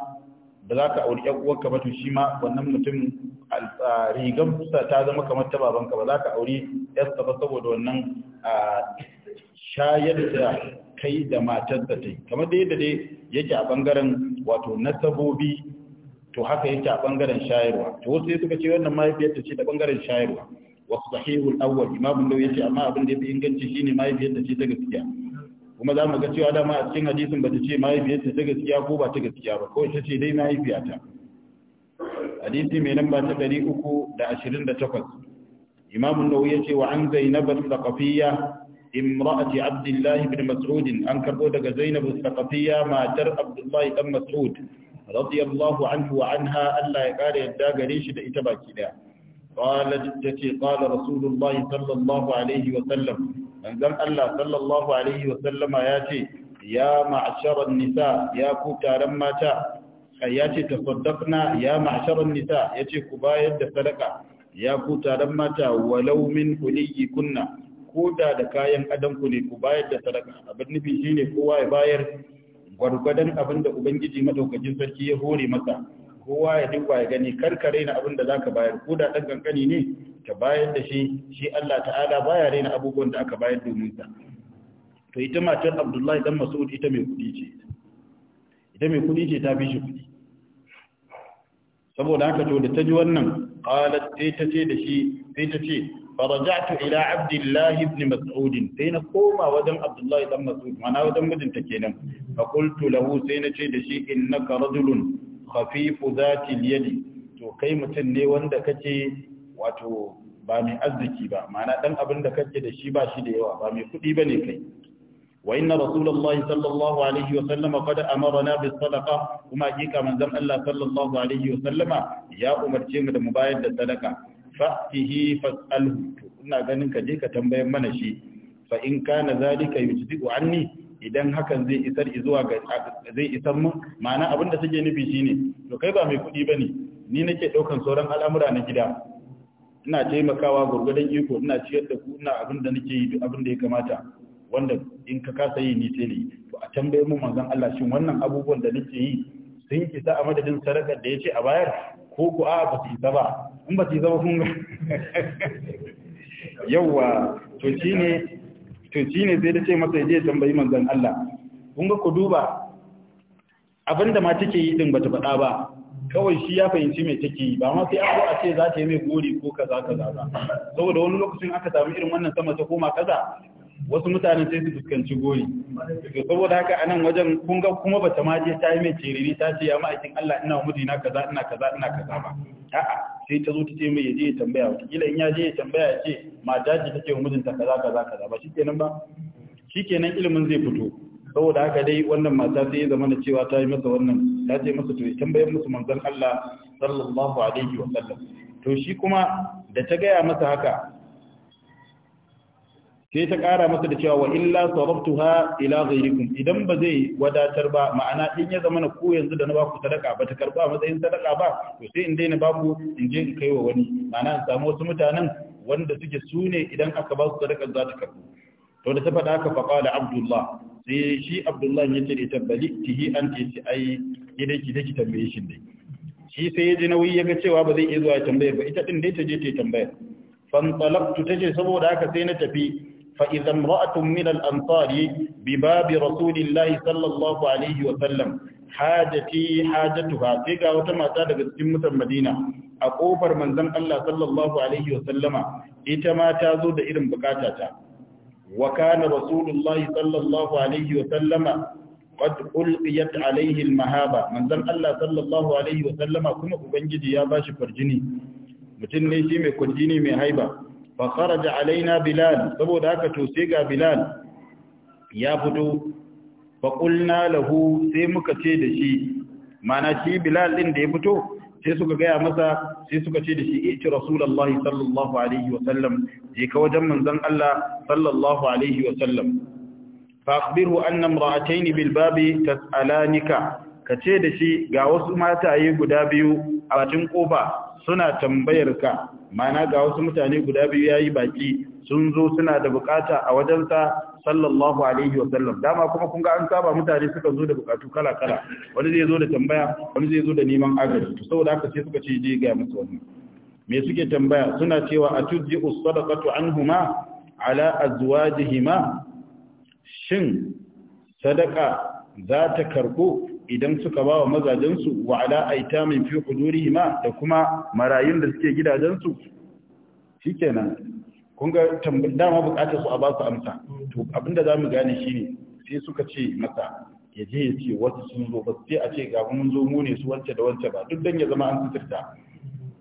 ba za ka auri yan uwarka ba to shi ma wannan mutum rigan fusa ta zama kamar ta babanka ba za ka auri yarsa ba saboda wannan shayar da kai da matarsa ta yi kamar da yadda dai yake a bangaren wato nasabobi to haka yake a bangaren shayarwa to wasu sai suka ce wannan mahaifiyar ta ce ta bangaren shayarwa wa sahihul awwal imam da yace amma abin da yafi inganci shine mahaifiyar ta ce ta gaskiya kuma za mu ga cewa dama a cikin hadisin ba ta ce mahaifiyar ta ta gaskiya ko ba ta gaskiya ba kawai ta ce dai mahaifiyata hadisi mai lamba ta ɗari uku da da ashirin 328 imam ya ce wa an zainab al-thaqafiyya imra'ati Abdullahi bin mas'ud an karbo daga zainab al-thaqafiyya matar abdullah ibn mas'ud radiyallahu anhu wa anha Allah ya kare yadda gare shi da ita baki daya qalat tace qala rasulullahi sallallahu alaihi wa sallam manzon Allah sallallahu alaihi wa sallama ya ce ya ma'sharan nisa ya ku taron mata ya ce tafaddafna ya ma'sharan nisa ya ce ku bayar da sadaka ya ku taron mata walau min kuliyi kunna koda da kayan adanku ne ku bayar da sadaka abin nufi shine kowa ya bayar gwargwadon abin da ubangiji madaukakin sarki ya hore masa kowa ya duba ya gani karkare raina abin da ka bayar ko da dan kankani ne ka bayar da shi shi Allah ta'ala baya raina abubuwan da aka bayar domin sa to ita matar Abdullahi dan Mas'ud ita mai kudi ce ita mai kudi ce ta fi shi kudi saboda haka to da ta ji wannan qalat sai ta ce da shi sai ta ce farajatu ila abdullahi ni mas'ud sai na koma wajen abdullahi dan mas'ud wajen mijinta kenan fa nace lahu sai na ce da shi innaka rajulun khafifu zati yadi to kai mutum ne wanda kake wato ba mai arziki ba mana dan abin da kake dashi shi ba shi da yawa ba mai kudi bane kai wa inna rasulullahi sallallahu alaihi wa sallama qad amarna bis sadaqa kuma hakika manzon Allah sallallahu alaihi wa sallama ya umarce mu da mu bayar da sadaka fa'tihi fas'alhu to ina ganin ka je ka tambayan mana shi fa in kana zalika yujdi'u anni idan hakan zai isar zuwa ga zai isar mu? ma'ana abin da take nufi shine to kai ba mai kuɗi bane ni nake daukan sauran al'amura na gida ina taimakawa gurgurdan iko ina ciyar da ku ina abin da nake yi duk abin da ya kamata wanda in ka kasa yi ni sai ne to a tambaye mu manzon Allah shin wannan abubuwan da nake yi sun isa a madadin sarakar da yace a bayar ko ku a ba su isa ba in ba su isa kun ga yawwa to shine to shine sai da ce masa ya tambayi manzon Allah kun ga ku duba abinda ma take yi din bata faɗa ba kawai shi ya fahimci mai take yi ba ma sai an a ce za ta yi mai gori ko kaza kaza ba saboda wani lokacin aka samu irin wannan sama ta koma kaza wasu mutanen sai su fuskanci gori saboda haka anan wajen kun ga kuma bata ma je ta yi mai ceriri ta ce ya ma'aikin Allah ina wa mijina kaza ina kaza ina kaza ba a'a sai ta zo ta ce mai yaje ya tambaya wata kila in yaje ya tambaya ya ce mata ce take wa mijinta kaza kaza kaza ba shikenan ba shikenan ilimin zai fito saboda haka dai wannan mata sai ya zama da cewa ta yi masa wannan ta ce masa to ya tambayar musu manzon Allah sallallahu alaihi wa sallam to shi kuma da ta gaya masa haka sai ta kara masa da cewa wa illa sarabtuha ila ghayrikum idan ba zai wadatar ba ma'ana in ya zama na ko yanzu da na ba ku sadaka ba ta karba matsayin sadaka ba to sai in daina ba in je in kai wa wani ma'ana in samu wasu mutanen wanda suke su idan aka ba su sadaka za ta karbu to da ta faɗa haka qala abdullah sai shi abdullah ya ce da ita bali tihi an ce shi ai idan ki dai tambaye shi dai shi sai ya ji nauyi ya ga cewa ba zai iya zuwa ya ba ita din dai ta je ta tambaya fan talaqtu tace saboda haka sai na tafi فإذا امرأة من الأنصار بباب رسول الله صلى الله عليه وسلم حاجتي حاجتها تيغا وتما تادغ سمة المدينة أقوفر من زن الله صلى الله عليه وسلم إتما تازود إرم بكاتاتا وكان رسول الله صلى الله عليه وسلم قد ألقيت عليه المهابة من زن الله صلى الله عليه وسلم كما أبنجد يا باشي فرجني متن ليسي مكجيني مهيبة fa alaina bilal saboda haka to ga bilal ya fito fa lahu sai muka ce da shi mana shi bilal din da ya fito sai suka gaya masa sai suka ce da shi iti rasulullahi sallallahu alaihi wasallam je ka wajen manzon Allah sallallahu alaihi wasallam Fakbiru akhbiru anna imra'atayn bil babi tas'alanika kace da shi ga wasu mataye guda biyu a cikin kofa suna tambayar ka ma'ana ga wasu mutane guda biyu yayi baki sun zo suna da bukata a wajensa sallallahu alaihi wa sallam dama kuma kun ga an saba mutane suka zo da bukatu kala kala wani zai zo da tambaya wani zai zo da neman agaji to saboda haka sai suka ce je ga musu wannan me suke tambaya suna cewa atujji as-sadaqatu anhuma ala azwajihima shin sadaka za ta karbo idan suka ba wa mazajensu wa ala aitamin fi ma da kuma marayun da suke gidajensu shikenan kun ga dama bukatar su a ba su amsa to abinda zamu gane shine sai suka ce masa ya je ya ce wasu sun zo ba sai a ce ga mun zo mu ne su wance da wance ba duk dan ya zama an tsirta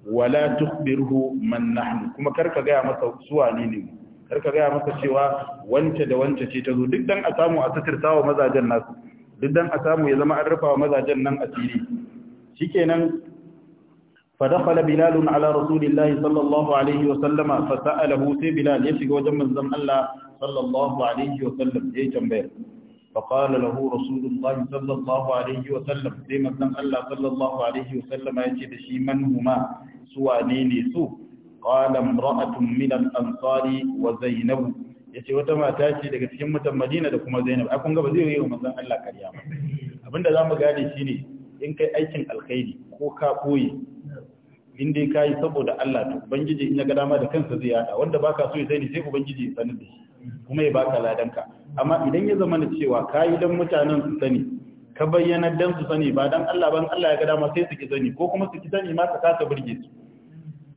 wala tukhbirhu man nahnu kuma karka ga masa su wani ne karka ga masa cewa wance da wance ce ta zo duk dan a samu a tsirtawa wa mazajen nasu duk dan a ya zama an rufa mazajen nan asiri shikenan fa dakhala bilal ala rasulillahi sallallahu alaihi wa sallam fa sa'alahu sai bilal ya shiga wajen manzon Allah sallallahu alaihi wa sallam ya tambaye fa qala lahu rasulullahi sallallahu alaihi wa sallam sai manzon Allah sallallahu alaihi wa sallam ya ce da shi manhuma su wane ne su qala imra'atun min ansari wa zainabu. Ya ce wata mata ce daga cikin mutan Madina da kuma Zainab a kun ga ba zai yi wa manzon Allah kariya ba abinda mu gane shine in kai aikin alkhairi ko ka koyi in dai kai saboda Allah to ubangiji in ya ga dama da kansa zai yada wanda baka so ya sani sai ubangiji ya sanar da shi kuma ya baka ladanka amma idan ya zama cewa yi dan mutanen su sani ka bayyana dan su sani ba dan Allah ban Allah ya ga dama sai su ki sani ko kuma su ki sani ma ka kasa burge su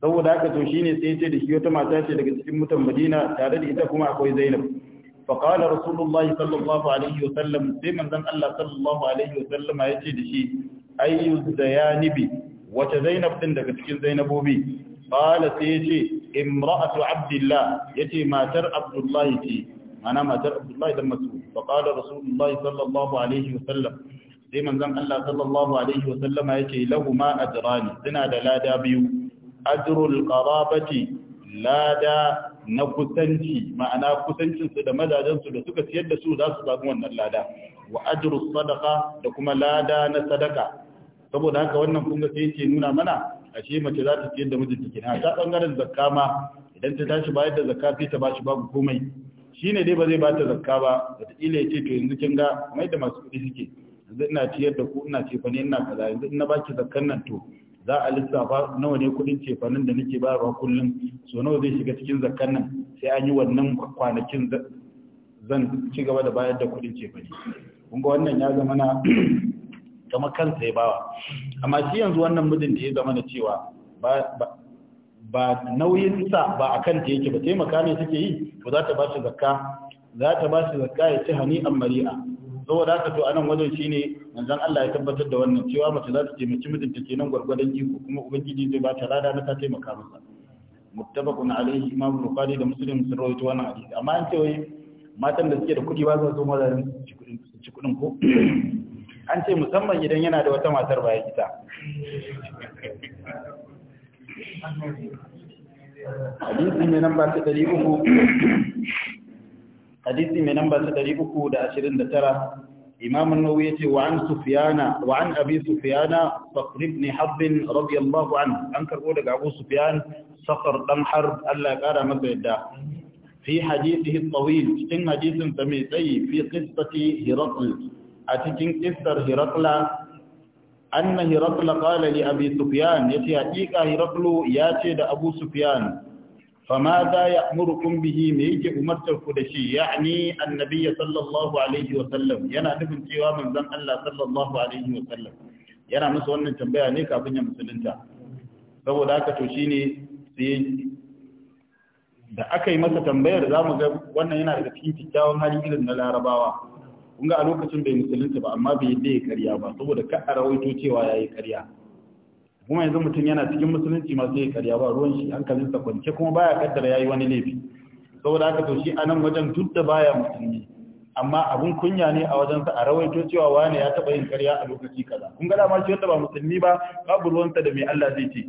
saboda haka to shine sai ce da shi wata mata ce daga cikin mutan Madina tare da ita kuma akwai Zainab fa qala rasulullahi sallallahu alaihi wa sallam sai manzon Allah sallallahu alaihi wa sallam ya ce da shi ayyu zayanibi wata Zainab din daga cikin Zainabobi qala sai ya ce imra'atu abdullah yace matar abdullahi ce ana matar abdullahi dan masu fa qala rasulullahi sallallahu alaihi wa sallam sai manzon Allah sallallahu alaihi wa sallam sallama ce. lahu ma ajrani suna da lada biyu ajrul qarabati lada na kusanci ma'ana kusancinsu da mazajensu da suka siyar da su za su samu wannan lada wa ajru sadaqa da kuma lada na sadaka saboda haka wannan kun ga sai nuna mana ashe mace za ta siyar da mijinta kenan ta bangaren zakka ma idan ta tashi bayar da zakka sai ta bashi babu komai shine dai ba zai bata zakka ba wataƙila ya ce to yanzu kin ga mai da masu kuɗi suke yanzu ina ciyar da ku ina ce fa ne ina kaza yanzu ina baki zakkan nan to za a lissafa nawa ne kudin cefanin da nake bayarwa kullum so nawa zai shiga cikin zakkan nan sai an yi wannan kwanakin zan ci gaba da bayar da kudin cefani kun ga wannan ya zama na kamar kansa ya bawa amma shi yanzu wannan mijin da ya zama na cewa ba nauyin sa ba a kanta yake ba taimaka ne suke yi to za ta ba shi zakka za ta ba shi zakka ya ci hani mari'a saboda haka to anan wajen shine manzon Allah ya tabbatar da wannan cewa mace za ta taimaki mijinta kenan gwargwadon iko kuma ubangiji zai ba ta rada na ta taimaka masa muttabaqun alaihi imam bukhari da muslim sun rawaito wannan hadisi amma an ce wai matan da suke da kudi ba za su so mazajen su ci kudin ko an ce musamman idan yana da wata matar baya kita hadisi ne nan ba ta uku. hadisi mai namba ta da imam an-nawawi yace wa an sufyana wa an abi sufyana saqr ibn harb radiyallahu anhu an karbo daga abu sufyan saqr dan harb Allah ya kara masa yadda fi hadithihi at-tawil cikin hadisin sa mai tsayi fi qissati hiraql a cikin qissar hiraqla anna hiraqla qala li abi sufyan yace haqiqa hiraqlu yace da abu sufyan فما ذا يأمركم به ميك أمرتك دشي يعني النبي صلى الله عليه وسلم ينا نفن سوى من ذن الله صلى الله عليه وسلم ينا مسوانا تنبيع نيك أبنى مسلنتا فهو ذاك تشيني سيج da aka yi masa tambayar za mu ga wannan yana da cikin kyakkyawan hali irin na larabawa kun ga a lokacin bai musulunta ba amma bai yadda ya karya ba saboda ka a rawaito cewa ya yi karya kuma yanzu mutum yana cikin musulunci masu yi karya ba ruwan shi hankalinsa kwance kuma baya kaddara ya yi wani laifi saboda haka toshi a nan wajen duk da baya musulmi amma abun kunya ne a wajensa a rawaito cewa wane ya taɓa yin karya a lokaci kaza kun ga dama shi wanda ba musulmi ba babu ruwansa da mai Allah zai ce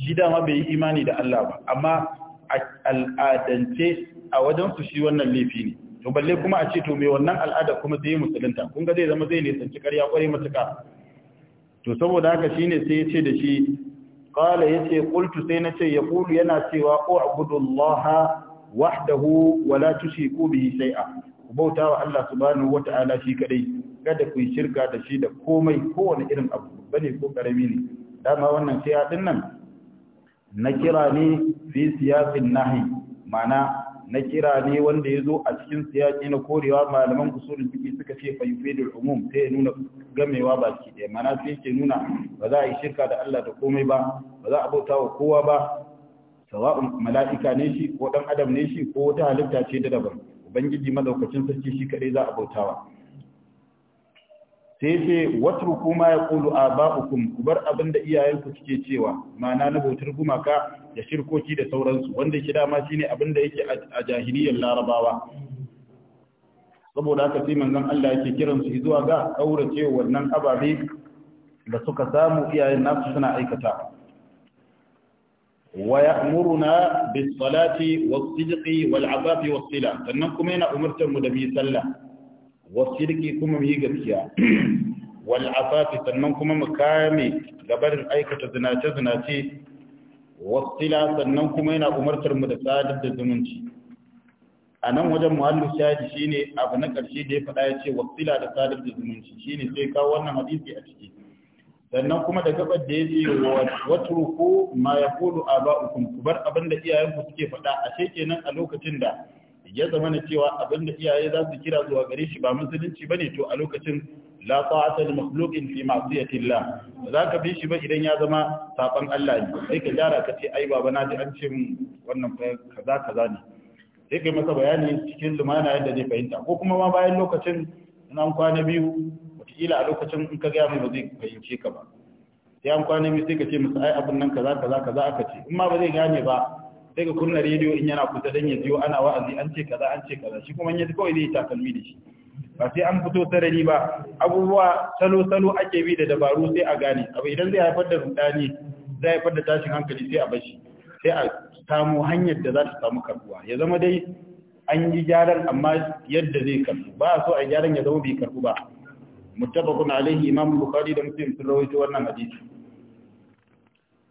shi dama bai yi imani da Allah ba amma al'adance a wajen su shi wannan laifi ne to balle kuma a ce to mai wannan al'ada kuma zai musulunta kun ga zai zama zai nisanci karya kwarai matuka to saboda haka shine sai ya ce da shi qala yace qultu sai na ce ya qulu yana cewa u'budullaha wahdahu wa la tushiku bihi shay'a bauta wa Allah subhanahu Ta'ala shi kadai kada ku shirka da shi da komai kowane irin abu bane ko karami ne dama wannan sai a dinnan na kira ne fi siyafin nahi mana na kira ne wanda ya zo a cikin siyaki na korewa malaman kusurin fiqi suka ce fa yufidul umum sai ya nuna gamewa baki ɗaya mana sai ke nuna ba za a yi shirka da Allah da komai ba ba za a bauta wa kowa ba sawa'un mala'ika ne shi ko dan adam ne shi ko wata halitta ce da daban ubangiji madaukakin sarki shi kadai za a bautawa sai ce watru kuma ya kulu aba'ukum ku bar abin da iyayenku suke cewa ma'ana na bautar gumaka da shirkoki da sauransu wanda ke dama shine abin da yake a jahiliyar larabawa saboda haka sai manzan Allah yake kiran su zuwa ga kaurace wannan ababe da suka samu iyayen nasu suna aikata wa ya'muruna bis salati was sidqi wal afafi was sila sannan kuma yana umurtar mu da bi sallah wasirki kuma mu yi gaskiya wal asafi sannan kuma mu kame gabarin aikata zinace zinace wasila sannan kuma yana umartar mu da sadar da zumunci a nan wajen muhallu shaji shine abu na karshe da ya faɗa ya ce wasila da sadar da zumunci shine sai kawo wannan hadisi a ciki sannan kuma da gabar da ya ce ma yaqulu aba'ukum ku bar abin da iyayenku suke faɗa ashe kenan a lokacin da ya zama na cewa abinda iyaye za su kira zuwa gare shi ba musulunci bane to a lokacin la ta'ata li makhluqin fi ma'siyati ba za ka bi shi ba idan ya zama saban Allah ne sai ka jara ka ce ai baba na ji an ce wannan kaza kaza ne sai kai masa bayani cikin lumana yadda zai fahimta ko kuma ma bayan lokacin an kwana biyu wataƙila a lokacin in ka gaya mai ba zai fahimce ka ba sai an kwana biyu sai ka ce masa ai abin nan kaza kaza kaza aka ce in ma ba zai gane ba sai ga kunna rediyo in yana kusa dan ya jiyo ana wa'azi an ce kaza an ce kaza shi kuma in yaji kawai zai takalmi da shi ba sai an fito sarari ba abubuwa salo-salo ake bi da dabaru sai a gane abu idan zai haifar da rudani zai haifar da tashin hankali sai a bashi sai a samu hanyar da za ta samu karbuwa ya zama dai an yi gyaran amma yadda zai karbu ba a so a gyaran ya zama bai karbu ba muttafaqun alaihi imam bukhari da muslim sun rawaito wannan hadisi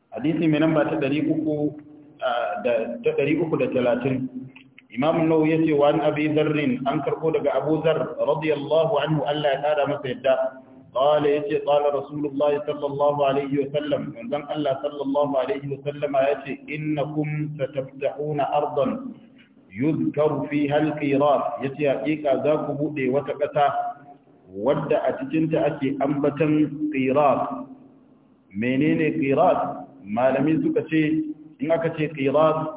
hadisi mai namba ta uku. 330 imam nau ya ce wa an abi zarrin an karko daga abu zar radiyallahu anhu Allah ya kara masa yadda qala yace qala rasulullah sallallahu alaihi wa sallam manzon Allah sallallahu alaihi wa sallam yace innakum sataftauna ardan yuzkaru fiha al-qirat yace hakika za ku bude wata kasa wadda a cikin ta ake ambatan qirat menene qirat malami suka ce in aka ce qiras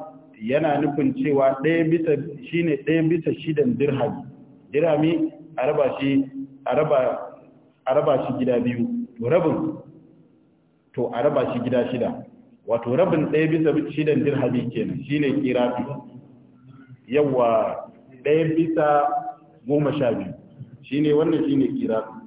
yana nufin cewa ɗaya bisa shine ɗaya bisa shidan dirhami dirhami a raba shi a raba shi gida biyu to rabin to a raba shi gida shida wato rabin ɗaya bisa shidan dirhami kenan shine qirasi yawa ɗaya bisa goma sha biyu shine wannan shine qirasi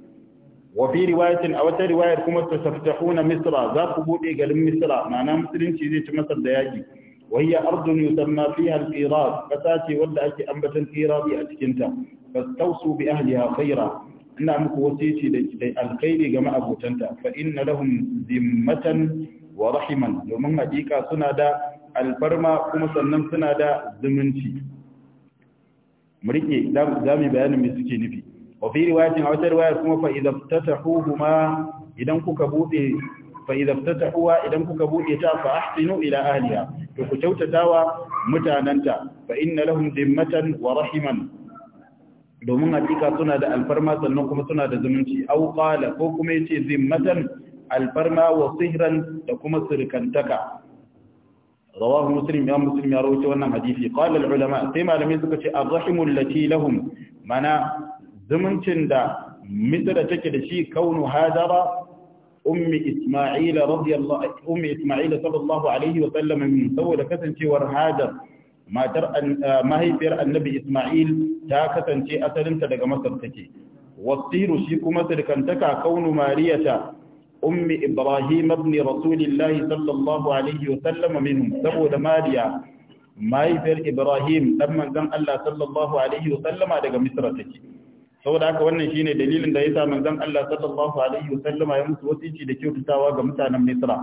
wa fi riwayatin a wata riwayar kuma tasaftahuna misra za ku bude garin misra ma'ana musulunci zai ci masar da yaki وهي أرض يسمى فيها الإيراد فساتي ولا أتي أنبة إيرادي أتكنت فاستوصوا بأهلها خيرا إن أمك وسيتي الخير جماعة بوتنت فإن لهم ذمة ورحما ومن أديك سنادا الفرما كما سنن سنادا زمنتي مريكي دام دامي بيان مسكي نبي wa fi riwayatin a wata riwayar kuma fa idza idan kuka bude fa idza fatahuwa idan kuka bude ta fa ahsinu ila ahliha to ku kyautatawa mutananta fa inna lahum dimmatan wa rahiman domin hakika suna da alfarma sannan kuma suna da zumunci au qala ko kuma yace zimmatan alfarma wa sihran da kuma sirkantaka surkantaka رواه مسلم يا مسلم يا رويت وانا حديثي قال العلماء سيما لم يزكى الرحم التي lahum mana. zumuncin da misra take da shi kaunu hajara ummi isma'ila radiyallahu ummi isma'ila sallallahu alaihi wa sallam min saboda kasancewar hajar matar eh, mahaifiyar annabi isma'il ta kasance asalinta daga masar take wasiru shi kuma sirkantaka kaunu mariyata ummi ibrahim ibn rasulillahi sallallahu alaihi wa sallam min saboda mariya mahaifiyar ibrahim dan manzon Allah sallallahu alaihi wa sallama daga misra take saboda haka wannan shine dalilin da yasa manzon Allah sallallahu alaihi wasallam ya musu wasici da kyautatawa ga mutanen Misra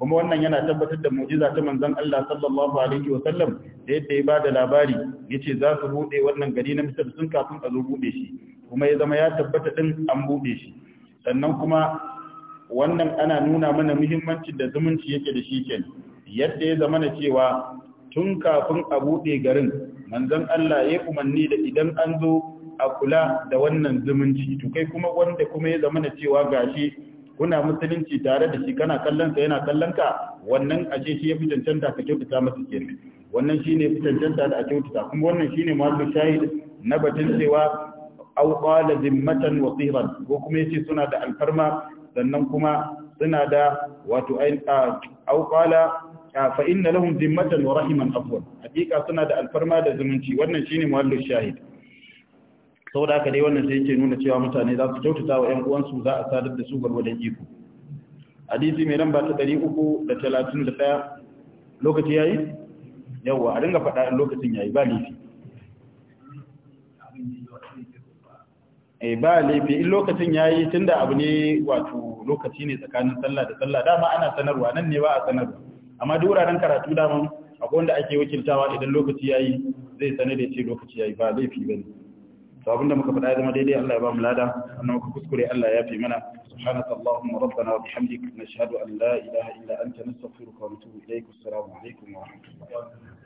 kuma wannan yana tabbatar da mu'jiza ta manzon Allah sallallahu alaihi wasallam da yadda ya bada labari yace za su bude wannan gari na Misra sun kafin a zo bude shi kuma ya zama ya tabbata din an bude shi sannan kuma wannan ana nuna mana muhimmancin da zumunci yake da shi kenan yadda ya zama na cewa tun kafin a bude garin manzon Allah ya umarni da idan an zo a kula da wannan zumunci to kai kuma wanda kuma ya zama na cewa gashi kuna musulunci tare da shi kana kallon sa yana kallon ka wannan ashe shi ya fi cancanta ka kyautata masa kenan wannan shine fi cancanta da a kyautata kuma wannan shine malu shahid na batun cewa aw qala zimmatan wa sihran ko kuma yace suna da alfarma sannan kuma suna da wato ayin aw qala fa inna lahum zimmatan wa rahiman afwan hakika suna da alfarma da zumunci wannan shine malu shahid saboda haka dai wannan sai yake nuna cewa mutane za su kyautata wa 'yan uwansu za a sadar da su gwargwadon iko hadisi mai lamba ta 331 lokaci yayi yawa a dinga faɗa lokacin yayi ba laifi eh ba laifi in lokacin yayi tunda abu ne wato lokaci ne tsakanin sallah da sallah dama ana sanarwa nan ne ba a sanarwa amma duk wuraren karatu dama akwai wanda ake wakiltawa idan lokaci yayi zai sanar da ce lokaci yayi ba laifi bane to abinda muka faɗa zama daidai Allah ya ba mu lada annan muka kuskure Allah ya fi mana subhanaka allahumma rabbana wa bihamdika nashhadu an la ilaha illa anta nastaghfiruka wa natubu ilayk assalamu alaikum wa rahmatullahi